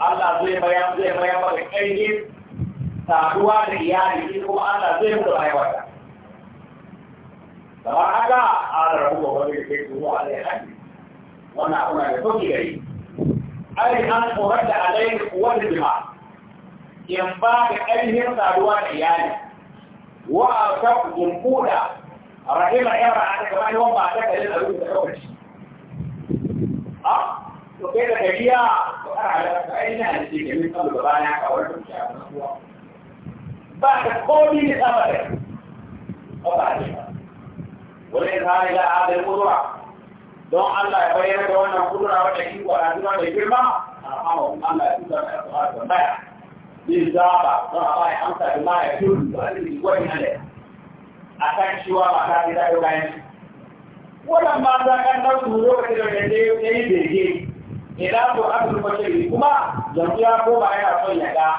Allah zai bayan zai bayan maka ƙarfin saduwa da iyali shi kuma Allah zai mutu bayan wata. Kamar haka an rabu ga wani da ke zuwa a zai haɗi. Wannan abu na da sauki gari. Ai an tsoron da alai wani jima. In ba da ƙarfin saduwa da iyali. Wa a kan jumbuɗa rahima yara a daga bayan wani ba a daga yin abin da ɗaukaci. Ah, to kai da tafiya أعلم فإن أنتيك من قبل بانك أو المشاعر بعد قولي لأمرك وبعدها والإظهار إلى هذه القدرة دون أن لا يبين دون القدرة والتكييف والأدوات الكلمة أرحمهم أن لا يكون الإظهار والبيع بالزابة دون الله يحمسك الله يكون وأنه يقوي عليه أكان شواء أكان إذا يبين ولما ذاك النفس هو كثير من يديه يديه ina ko abin kwace kuma yanzu ya koma yana son ya ga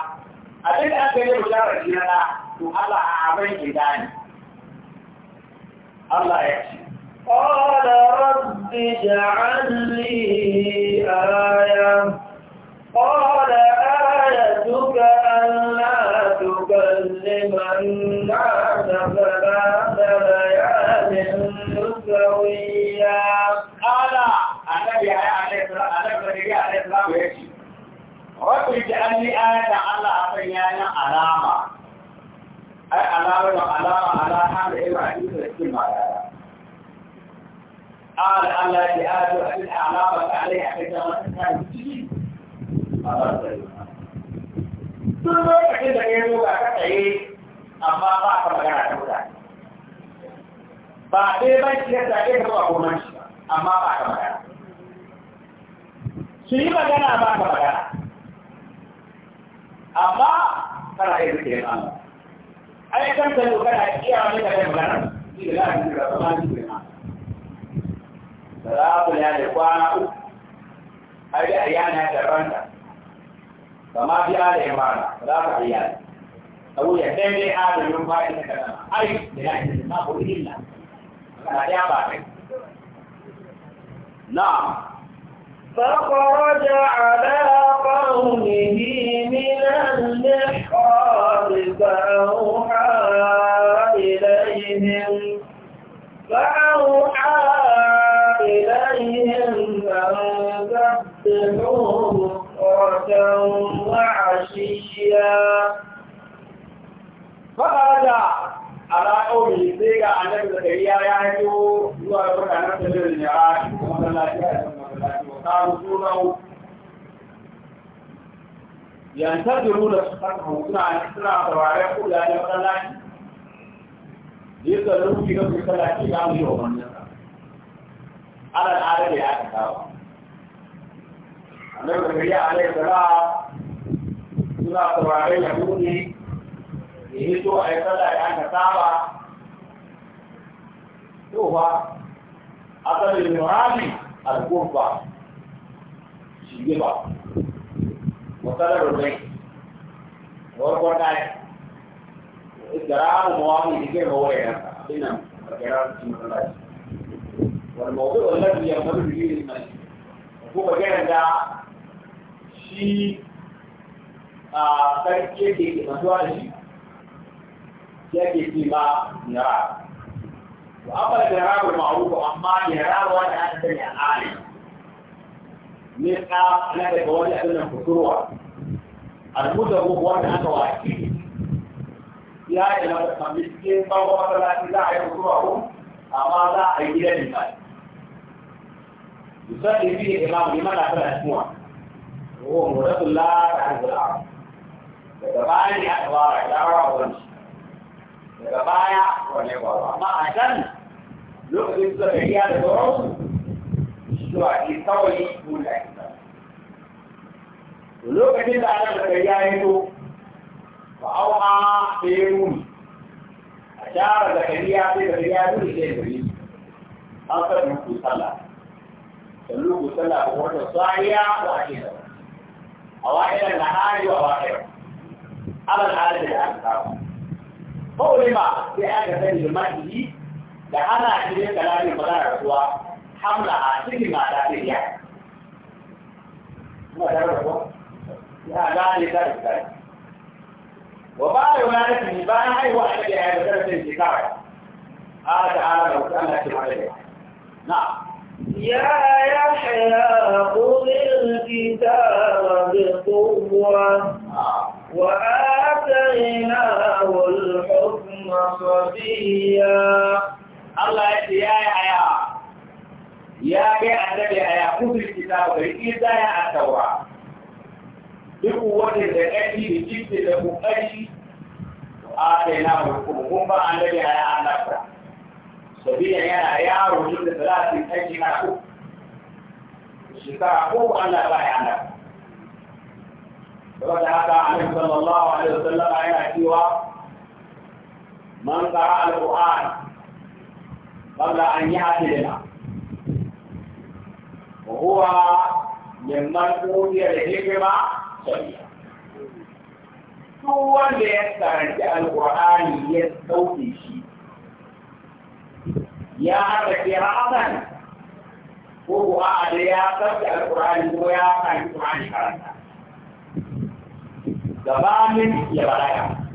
abin da aka yi bishara shi na da to Allah a abin ke gani Allah ya ce قال رب اجعل لي آية قال آيتك ألا تكلم الناس ثلاث ليال سويا قال annabi ya alaihi salam annabi zakariya alaihi salam ya ce rabbi ja'alni ayatan Allah a san yayan alama ai alama da alama ala hal ibrahim da cikin malaya قال الله تعالى الأعلام عليها حجرة كانت تجيب قال ثم يحيد يلوك كتعيد أما ضعف مجانا تقول بعدين بيت يتعيد هو أبو منشي أما su yi magana ba ka magana amma kana yi rike ma ai kan ta yi kana iya wani kare magana shi da lafi da kuma shi ne ma da za ku ne ne kwana uku ai da ariya ne da ranta kama fi ala yi mana za ka ariya ne abu ya tembe a da yin fa'i na kana ai da ya ce ma ko illa kana ya ba kai Na. فخرج على قومه من المحراب فأوحى إليهم فأوحى إليهم أن تفتحوا بكرة وعشيا فخرج على قومه سيدنا النبي زكريا يعجب ويقول أنا سبيل المعراج ومن لا تعرفونه ينتظرون سبحانه سنة سنة دوارة كل هذا مثلا يقدرون في كل مثلا كلام يوم على العالم يا كتاب النبي زكريا عليه السلام سنة دوارة يقولي يهتو أيضا يا كتاب شوفها أصل المراد الكوفة يبقى وطلب البيت ورقوا داعي إجراء مواضيع ذكر هو يعني بنا إجراء المدرسة والموضوع الذي يمر به المسجد هو جهد شيء sarki yake ke masuwa da shi yake ce ma yara. Wa amma da yara ba ma'arufu amma yara wanda aka sani a alim miƙa na daga wani abin nan kusurwa almuda ruhu wanda aka waki ya yi na kamar cikin bawon masalaci za a yi kusurwa ko amma za a yi gidan misali misali bi ne imam liman na tana cimuwa ko muratul la ta hanzu da daga baya ne aka fara dawa a wurin daga baya wane ba amma a can lokacin suka iya da sauransu zuwa ne kawai dole a kisa lokacin da ana da ya yi to ba auha da ya rumi a shara da kariya sai da ya rumi sai da rumi an sa muku sallah sallu ku sallah ko wata sahiya ko a kisa a wa'ilan na hari wa wa'ilan Abin al'adar da aka samu ko ulima sai aka sani da ma'iyi da ana cikin kalamin ba za a rasuwa حملها كل ما تأتي يعني ما تعرفه لا لا لا وبعد ذلك من بعد هاي واحد اللي هذا درس الانتكار هذا تعالى لو سألنا عليه نعم يا يحيى خذ الكتاب بقوة آه. وآتيناه الحكم صبيا الله يا يحيى ya ga annabi a yakubul kitabu riki zaya a taura duk wanda da kashi da cikin da kokari a kai na hukum kun ba annabi a ya annabta sabila yana yaro tun da talatin kashi na ku shekara ko Allah ba ya annabta saboda haka annabi sallallahu alaihi wasallam yana cewa man qara al-qur'an qabla an yahdina وهو من مرقود الحكمة جميعا هو اللي القرآن يستوفي شيء يا هذا قراءة هو أعلى القرآن هو يسترجع القرآن كرامة زمان يا بلايا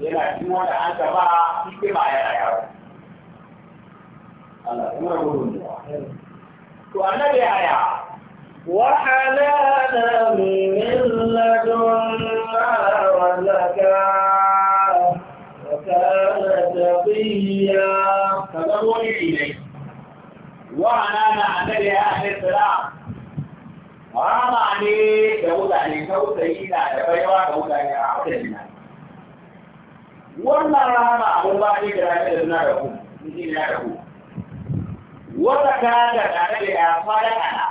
yana cikin wanda an taba hikima ya rayuwa Allah kuma rubutun وأنا بآية وحنانا من لدنا وزكاة وكان تقيا تدعوني إليه وحنانا أنا بآية السلام rama ne da mutane tausayi na da baiwa da mutane a hakan nan wannan rama abun ba ne da rayuwar da na rabu ni na rabu wata ta da tare da ya fara kana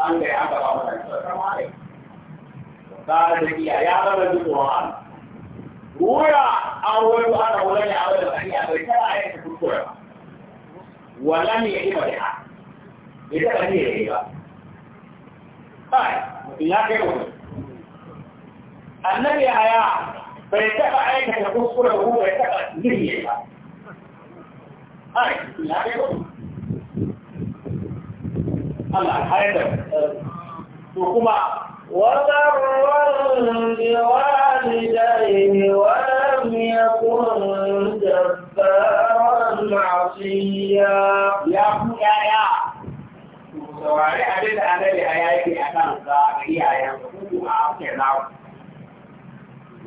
an da ya gaba mata sarkar mare ta da kiya ya gaba da Qur'an ruya an wani ba da wani ya da bani a bai tara ya ta kuskure ba wallan ya yi ba da ita ba ne ya yi ba kai mutum ya kai wani annabi haya bai taba aikata kuskure ko bai taba zirye ba kai mutum ya kai wani Allah hayar da to kuma وبرا بوالديه ولم يكن جبارا عصيا يا يا saurari abin da annabi a yaki a kan za a iyayen hudu a ke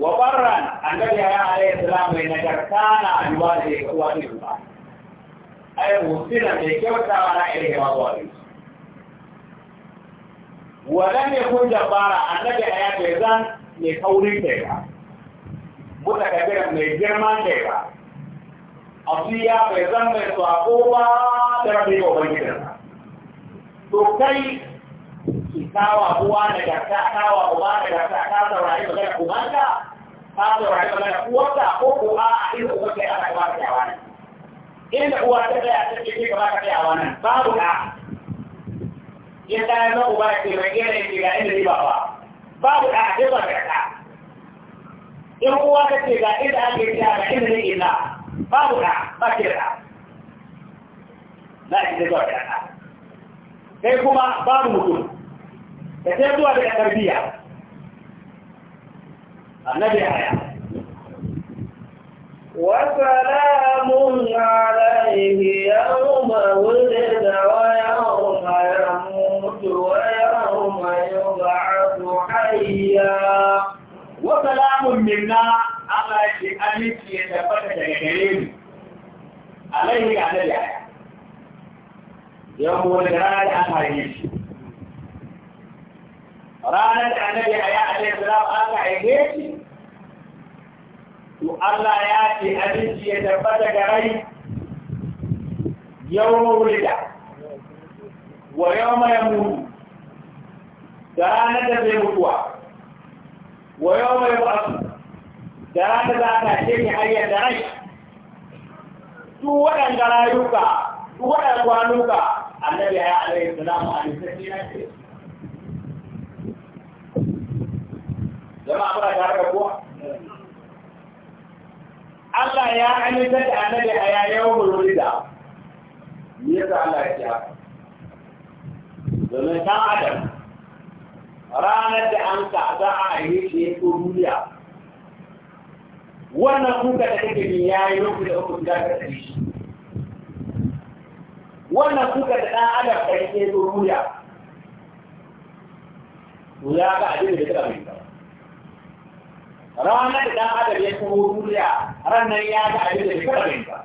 Wa barran annabi a yana alayhi mai nagarta na abuwa da ya kuwa ne ba. Ai, musina mai kyautawa na irin yawa zuwa wala ne kun jabara annabi aya bai zan mai kaurin kai ba muta kabira mai girman kai ba asiya bai zan mai tsako ba da rabbi ba gidan to kai ki kawa uwa da gasa kawa uba da gasa ka saurari magana ubanka ka saurari magana uwarka ko kuwa a a ina uwarka ya ana ba ta yawa inda uwa ta tsaya ta ce ke ba ka ta yawa nan babu na ya kayan na uba ke magana ke ga inda riba ba babu da ake ba ka ta in uwa ka ce ga inda ake ta ga inda ne ina babu da ba ke da na inda zuwa da ta sai kuma babu mutum da sai zuwa da tarbiyya annabi haya وسلام عليه يوم ولد ويوم يموت ويوم يبعث حيا وسلام منا على أنك يتفتح كريم عليه على الآية يوم الغالي أخرج ranar da annabi a ya alaihi salam an ka aike shi to Allah ya ce abinci ya tabbata ga rai yau mawulida ويوم يموت دانت بيموتوا ويوم يبعث دانت دانت شيء حي دانش تو وانا لا يوكا تو وانا قانوكا النبي عليه السلام عليه السلام جماعة برا جارك الله يا أنا يوم الولد يا الله يا domin ɗan adam ranar da an ka za a yi shi ya ko duniya wannan kuka da kake bin ya yi lokaci da uku guda ka ɗari shi wannan kuka da ɗan adam ka yi ko duniya to ya ga abin da kira mai ranar da ɗan adam ya ko duniya ranar ya ga abin da kira mai ba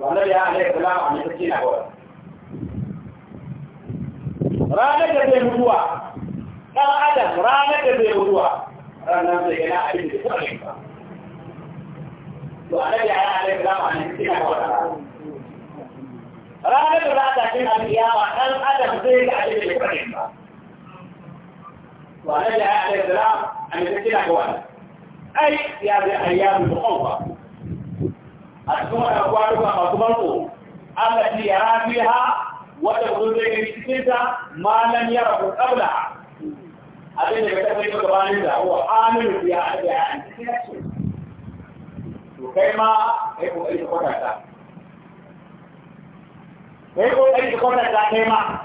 wannan ya alaihi salam a mutaci na gwada ranar da zai mutuwa ɗan adam ranar da zai mutuwa ranar zai gana abin da kuma ne ba to a nan yara alai zama ne cikin kawai ranar da za ta cin alkiyama ɗan adam zai ga abin da kuma ne ba to a nan yara alai zama a ne cikin kawai ai ya zai ayyamu da kwanfa a cikin wani kwaruka masu banko Allah ya rafi ha وتقولين إيه كذا ما لم يره قبلها هذا اللي بتقولينه كمان إذا هو حامل في أحد يعني كيف وكيف ما هيك هو أي كونتر كيف ما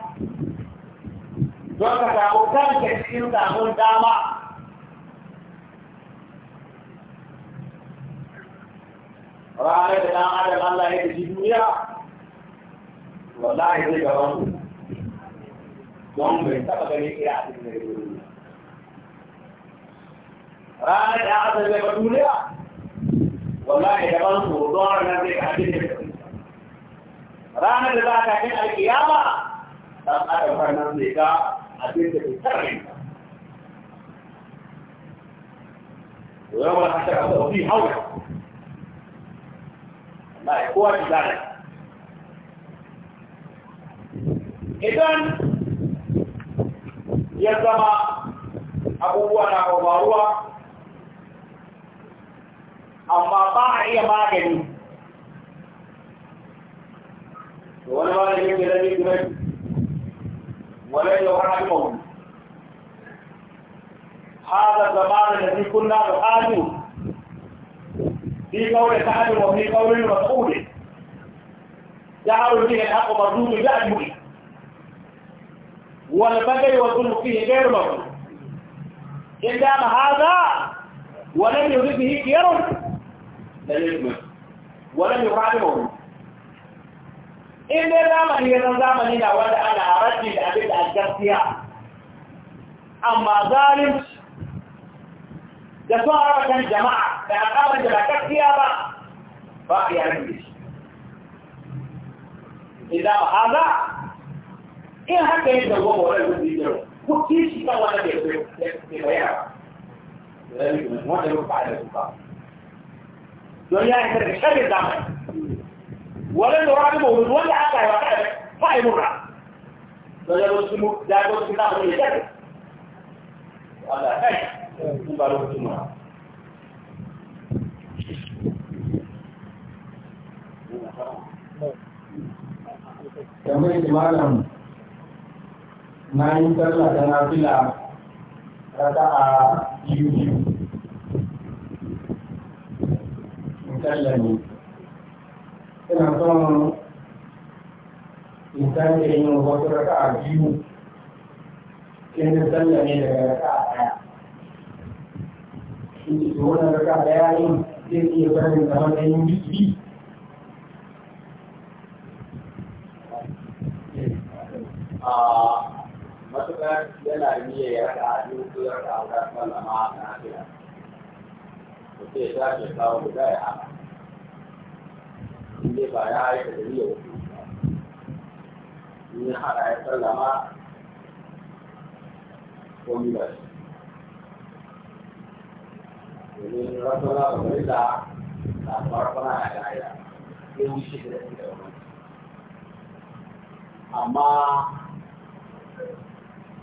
جوا كذا وكان كثير تعمل داما Orang wallahi zai gaban ku don bai taɓa gani kira a cikin mai duniya ranar da aka zai ba duniya wallahi gaban ku don ranar zai ka cikin ranar da za ka kai alkiyama dan adam har nan zai ga abin da ke tarrin ويوم الحشر أبو في حوله لا يقوى بذلك idan ya zama abubuwa na faruwa amma ba a iya magani wani malamin da zai gina ولن يرحمهم هذا الزمان الذي كنا نحاجه في قول تعالى وفي قول مسؤول جعلوا فيه الحق مردود جعله والبغي وظلم فيه غير مظلوم إن دام هذا ولم يرد به كير ولم يخالفه إن دام هي تنظام لنا ولا أنا أرد لأبد الجرسية أما ظالم جسوارة كان جماعة فأقام جماعة كثيرة باقي عندي إذا هذا in haka yin da goma wani rufi da ko kishi ba wani da ya ke bayana wanda ya fa'a da su ba don ya yi daga shirin zamani wani da wani mahudu wanda aka yi wata da fa'a murra don ya wasu mu da ya wasu na wani ya daga wanda kai sun ba lokacin mura kamar da malam na yi sallah da na nafila raka'a biyu biyu in sallame ina son in sake yin wasu raka'a biyu sai ne daga raka'a ɗaya shi ne wannan raka'a ɗaya yin zai iya barin kamar da yin biyu eh, Ah. matuƙar yana niyya ya raka a biyu ko ya raka a wuta sallama na fila to sai ya tashi ya kawo guda ya haka in dai ba ya haifar da niyya wasu in ya haɗa ya sallama ko ni ba shi domin rasuwa ba bari da na farfana a gaya sai wuce da da wani amma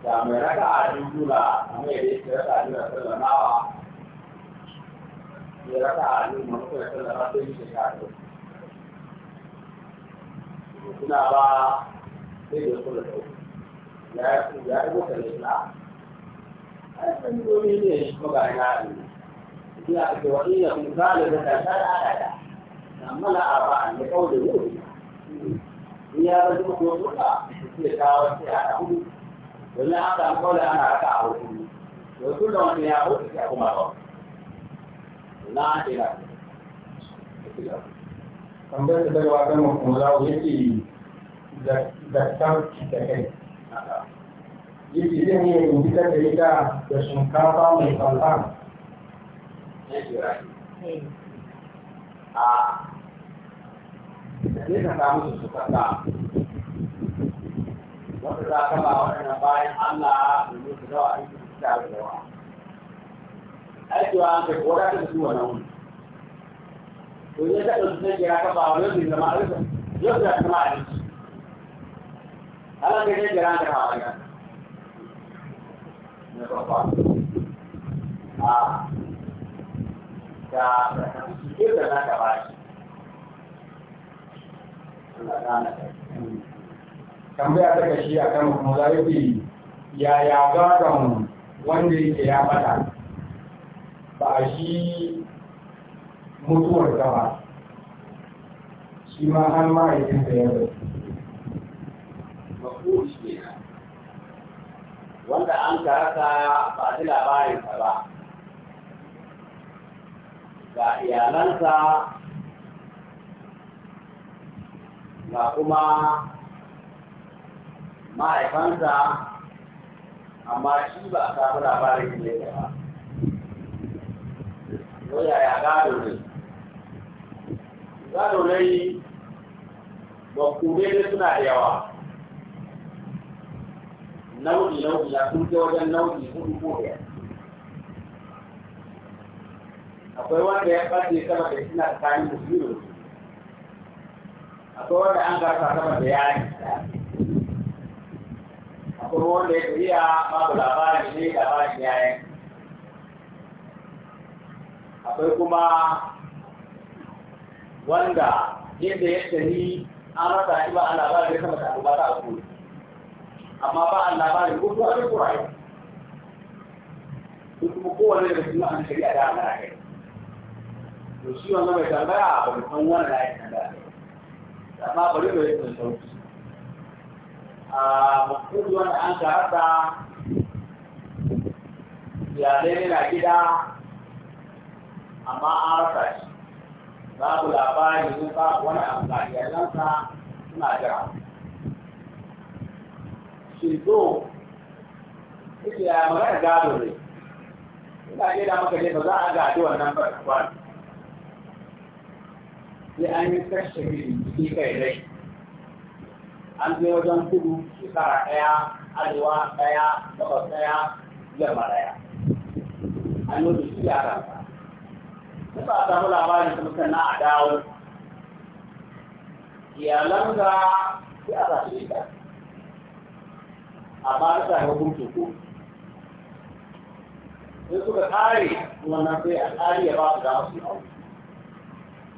da mai raka a jula kamar yadda ya raka a jula sallamawa ya raka a jula masu ya sallama sai yake kaɗo suna ba sai da kula da ya yi ya yi kuka da ina ai sun domin ne shi kuma ga ina ne shi a cikin wani ya kun da ta ta da da amma a ba an da da yau ya rage kuma kuma sai kawo sai a ɗan domin an samu kawai ana raka a hutu to tun da wani ya hutu sai kuma kawai na an ce na tambayar da daga kan mula yake zakar da kai yake zai ne in fitar da ita da shinkafa mai kwalfa a zai ka samu su su kasa wanda za ka ba waɗannan bayan Allah domin su dawa aiki su ta da yawa. Aikewa an kai kowa ta su wannan wuni. To ne ta ɗauki sai gira ka ba wani zai zama alisa, yau za ta zama alisa. Ana kai sai gira ka ba wani. Na ta fi da za tambaya ta kashi a kan mazaifi yaya gagan wanda yake ya fada ba a shi mutuwar ba shi ma har mahaifinsa ya zai wanda an karasa ba shi labarinsa ba ga iyalansa ga kuma mahaifansa amma shi ba a samu labarin da ya ba ko yaya gado ne gado ne ba kube ne suna da yawa nau'i nau'i ya kun ke wajen nau'i hudu ko ya. akwai wanda ya ɓace sama da suna tsakanin musulmi akwai wanda an gasa sama da yayi kuma wanda ya tafiya babu labari ne labarin yayin akwai kuma wanda yadda ya tafi an rasa shi ba a labarin sama ta ba ta ku amma ba ko kuma abin ko kuma an da to shi wannan mai tambaya ba wannan da ya tambaya amma bari mu yi mafudu wanda an karata iyalai na gida amma an rasa shi babu labari ko ba wani amfani yalansa suna jira shi zo ita ya magana gado ne ina ne da maka ne ba za a gado wannan ba sai an yi kashe ne kai rai an je wajen kudu shekara ɗaya arewa ɗaya gabas ɗaya yamma ɗaya an yi wajen shi a kansa da ba a samu labarin kuma sannan a dawo iyalan ga sai a zasu shi amma a sa hukun teku sai suka kare wannan sai a kare ya ba su dama su yi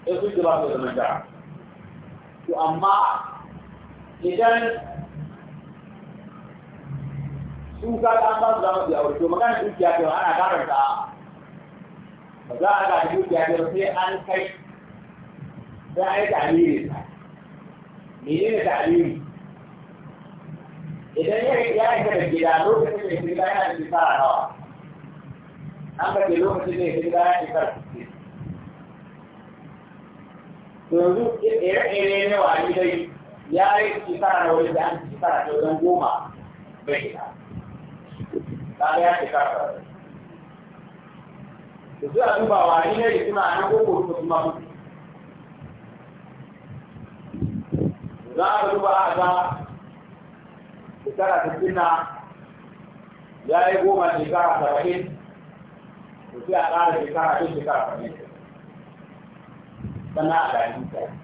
sai su ji ba su da manja to amma idan su ka an ba su zama biya wuri to magana dukiya to ana karanta ba za a ga dukiya to sai an kai sai an yi ta'aliri menene ta'aliri idan ya ya yi da gida lokacin da ya gida yana da shekara nawa an ka ce lokacin da ya gida yana da shekara to yanzu ire-ire ne wa ni dai ya yi shekara na wani da an shekara ta wajen goma bai shiga ta ya shekara ta da zuwa dubawa ni ne da suna a nan koko su kuma su za a duba a ga shekara ta suna ya yi goma shekara saba'in da sai a ƙara shekara ta shekara saba'in sannan a ga yi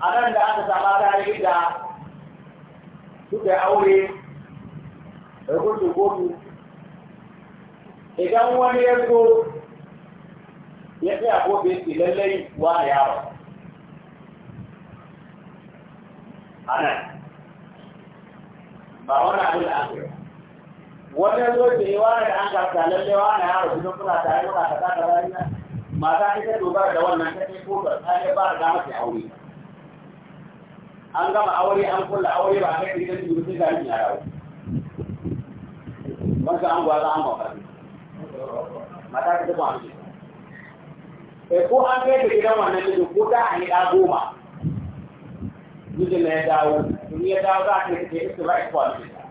a nan da aka sama da suka aure da kudu kotu idan wani ya zo ya tsaya ko bai lallai wa da yaro a nan ba wani abin da aka yi wani ya zo ce eh, wa da an karta lallai wa da yaro kuna tare kuna kaza kaza mata ita dogara da wannan ta ta ba da damar ta aure an gama aure an kulla aure ba kai da su sun gari ya dawo wanda an gwaza an mawa mata ka tafi amince e eh, ko an kai da gidan wannan ne ko ta an yi da goma ni da mai dawo in ya dawo za a kai ta yi su ba ko amince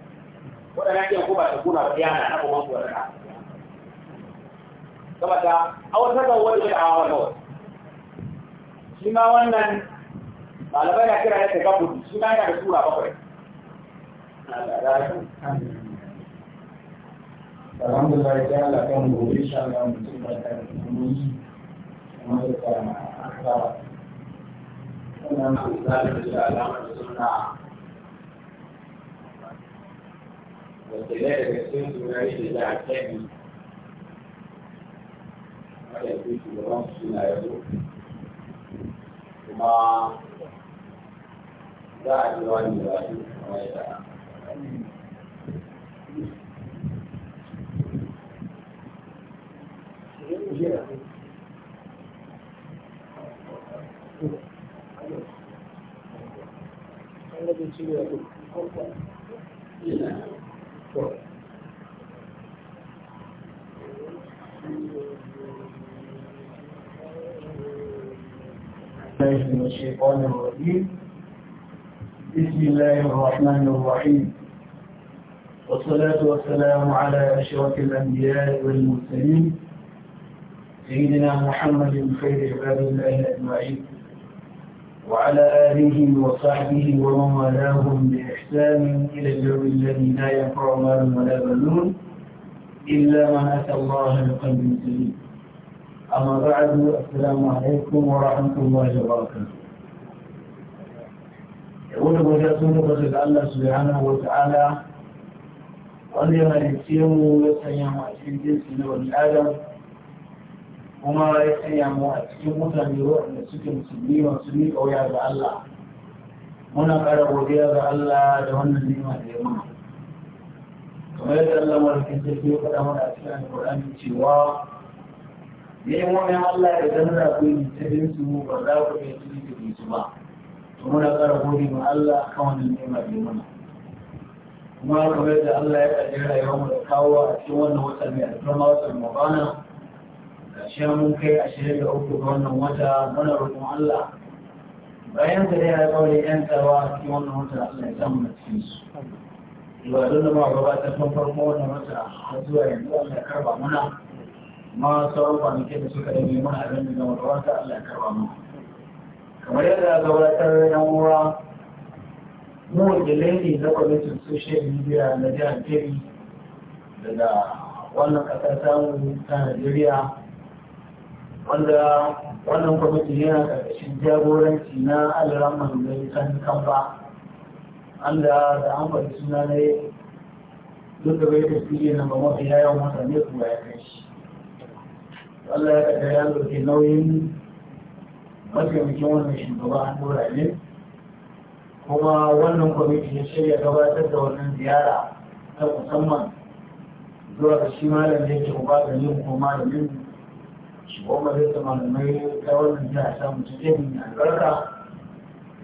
waɗannan ke ko ba ta kuna ba yana na ko kuma kuwa da ka saboda a wata ga wani da a wani shi ma wannan malamai na kira ne ta gabudi shi ma yana da sura bakwai alhamdulillah ya ala kan gobe insha Allah mu ci barka da mun kuma da kana akaba wannan zalimi da alama da sunna wanda ya daga cikin sunayi da ya kemi wanda ya fi shugaban suna ya zo kuma za a ji wani da wani kamar بسم الله الرحمن الرحيم والصلاة والسلام على أشرف الأنبياء والمرسلين سيدنا محمد خير عباد الله أجمعين وعلى آله وصحبه ومن والاهم بإحسان إلى اليوم الذي لا ينفع مال ولا بنون إلا من أتى الله بقلب سليم أما بعد السلام عليكم ورحمة الله وبركاته wani wajen sun tabbata da Allah subhanahu wa ta'ala wanda ya halitta mu ya sanya mu a cikin jinsi na wani adam kuma ya sanya mu a cikin mutane waɗanda suke musulmi masu ni ƙauya ga Allah muna ƙara godiya ga Allah da wannan nima da yamma kamar yadda Allah malakin sarki ya faɗa mana a cikin alƙur'ani cewa ni'imomin Allah da zanna ku yi ta jinsu ba za ku iya cikin su ba muna tsara gode ma Allah a kan wannan ni'ima biyu mana kuma bai da Allah ya ƙaddara rayuwar mu da kawo a cikin wannan watan mai alfarma watan Mabana ƙarshen mun kai a shirin da uku ga wannan wata muna roƙon Allah bayan ka dai ya kawo yan tsawa a cikin wannan wata Allah ya samu na cikin su ibadun da ma gabatar tun farko wannan wata har zuwa yanzu Allah ya karba mana ma sauran kwanakin da suka rage muna abin da gama Allah ya karba mana kamar yadda gabatar yan uwa mu wakilai ne na kwamitin social media na jihar kebbi daga wannan kasar samu ta nigeria wanda wannan kwamitin yana karkashin jagoranci na alraman mai san kamba anda da an bari suna ne duk da bai tafiye na ba mafi yawan mutane kuma ya kai shi Allah ya kaddara ya dauke nauyin mataimakin wannan shugaba an nura ne kuma wannan kwamiti ya shirya gabatar da wannan ziyara ta musamman zuwa ga shi malam da yake uba da yin ko malamin shugaban majalisa malamai ta wannan jiha ta mutu ce mai albarka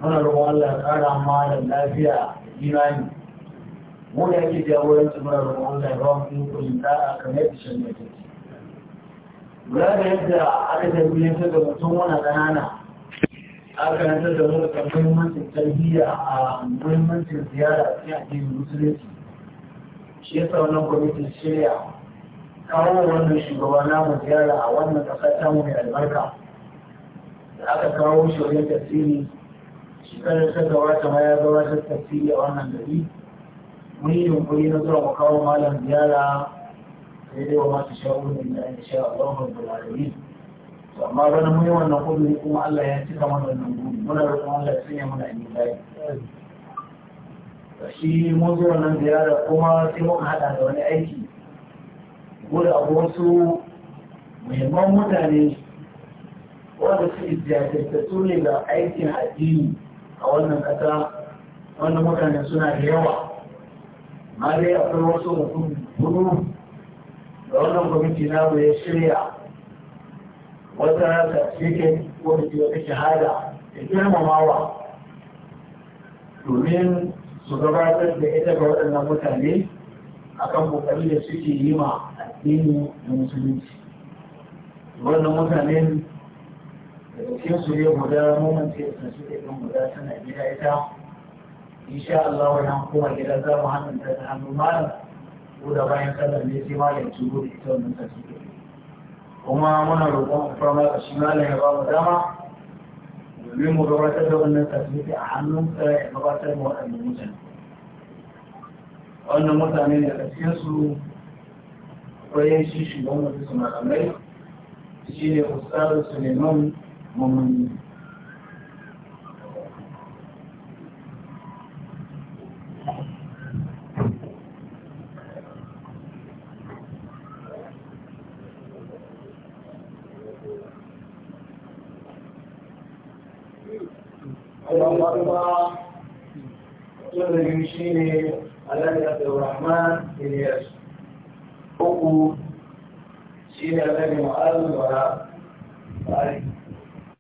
muna roƙon Allah ya ƙara malam lafiya da imani mu da yake jagoranci muna roƙon Allah ya ba mu ikon da'a kamar yadda shan yake lura da yadda aka tarbiyyantar da mutum wani ƙanana karanta da mu da muhimmancin tarbiyya a muhimmancin ziyara cikin addinin musulunci shi yasa nan kwamitin shirya kawo wannan shugaba namu ziyara a wannan ƙasa ta mu mai albarka da aka kawo shi wajen tafsiri shekarar ta gabata ma ya gabatar tafsiri a wannan gari mun yi yunkuri na zuwa mu kawo malam ziyara sai dai wa masu sha'unin da insha Allah rabbul alamin amma wani mai wannan kudin kuma Allah ya cika mana wannan kudin muna da kuma Allah ya sanya mana a misali shi mun zo wannan ziyara kuma sai muka hada da wani aiki gudu a wasu muhimman mutane wanda su jajirtattu ne ga aikin addini a wannan kasa wannan mutane suna da yawa ma dai akwai wasu mutum gudu da wannan gwamnati na ya shirya wata haka yake ko da ke wata shahada da girmamawa domin su gabatar da ita ga waɗannan mutane akan kokari da suke yi ma addini da musulunci wannan mutanen da cikin su ne guda mamance da su ne ɗan guda tana gida ita insha Allah wannan kuma gida za mu hannun ta ta hannu malam ko da bayan sallar ne sai malam ya da ita wannan sarki kuma muna roƙon kuma a shi malam ya ba mu dama domin mu gabatar da wannan tasiri a hannunsa ya gabatar da waɗannan mutane wannan mutane da su akwai shi shugaban wasu malamai shi ne ustazu suleiman mamman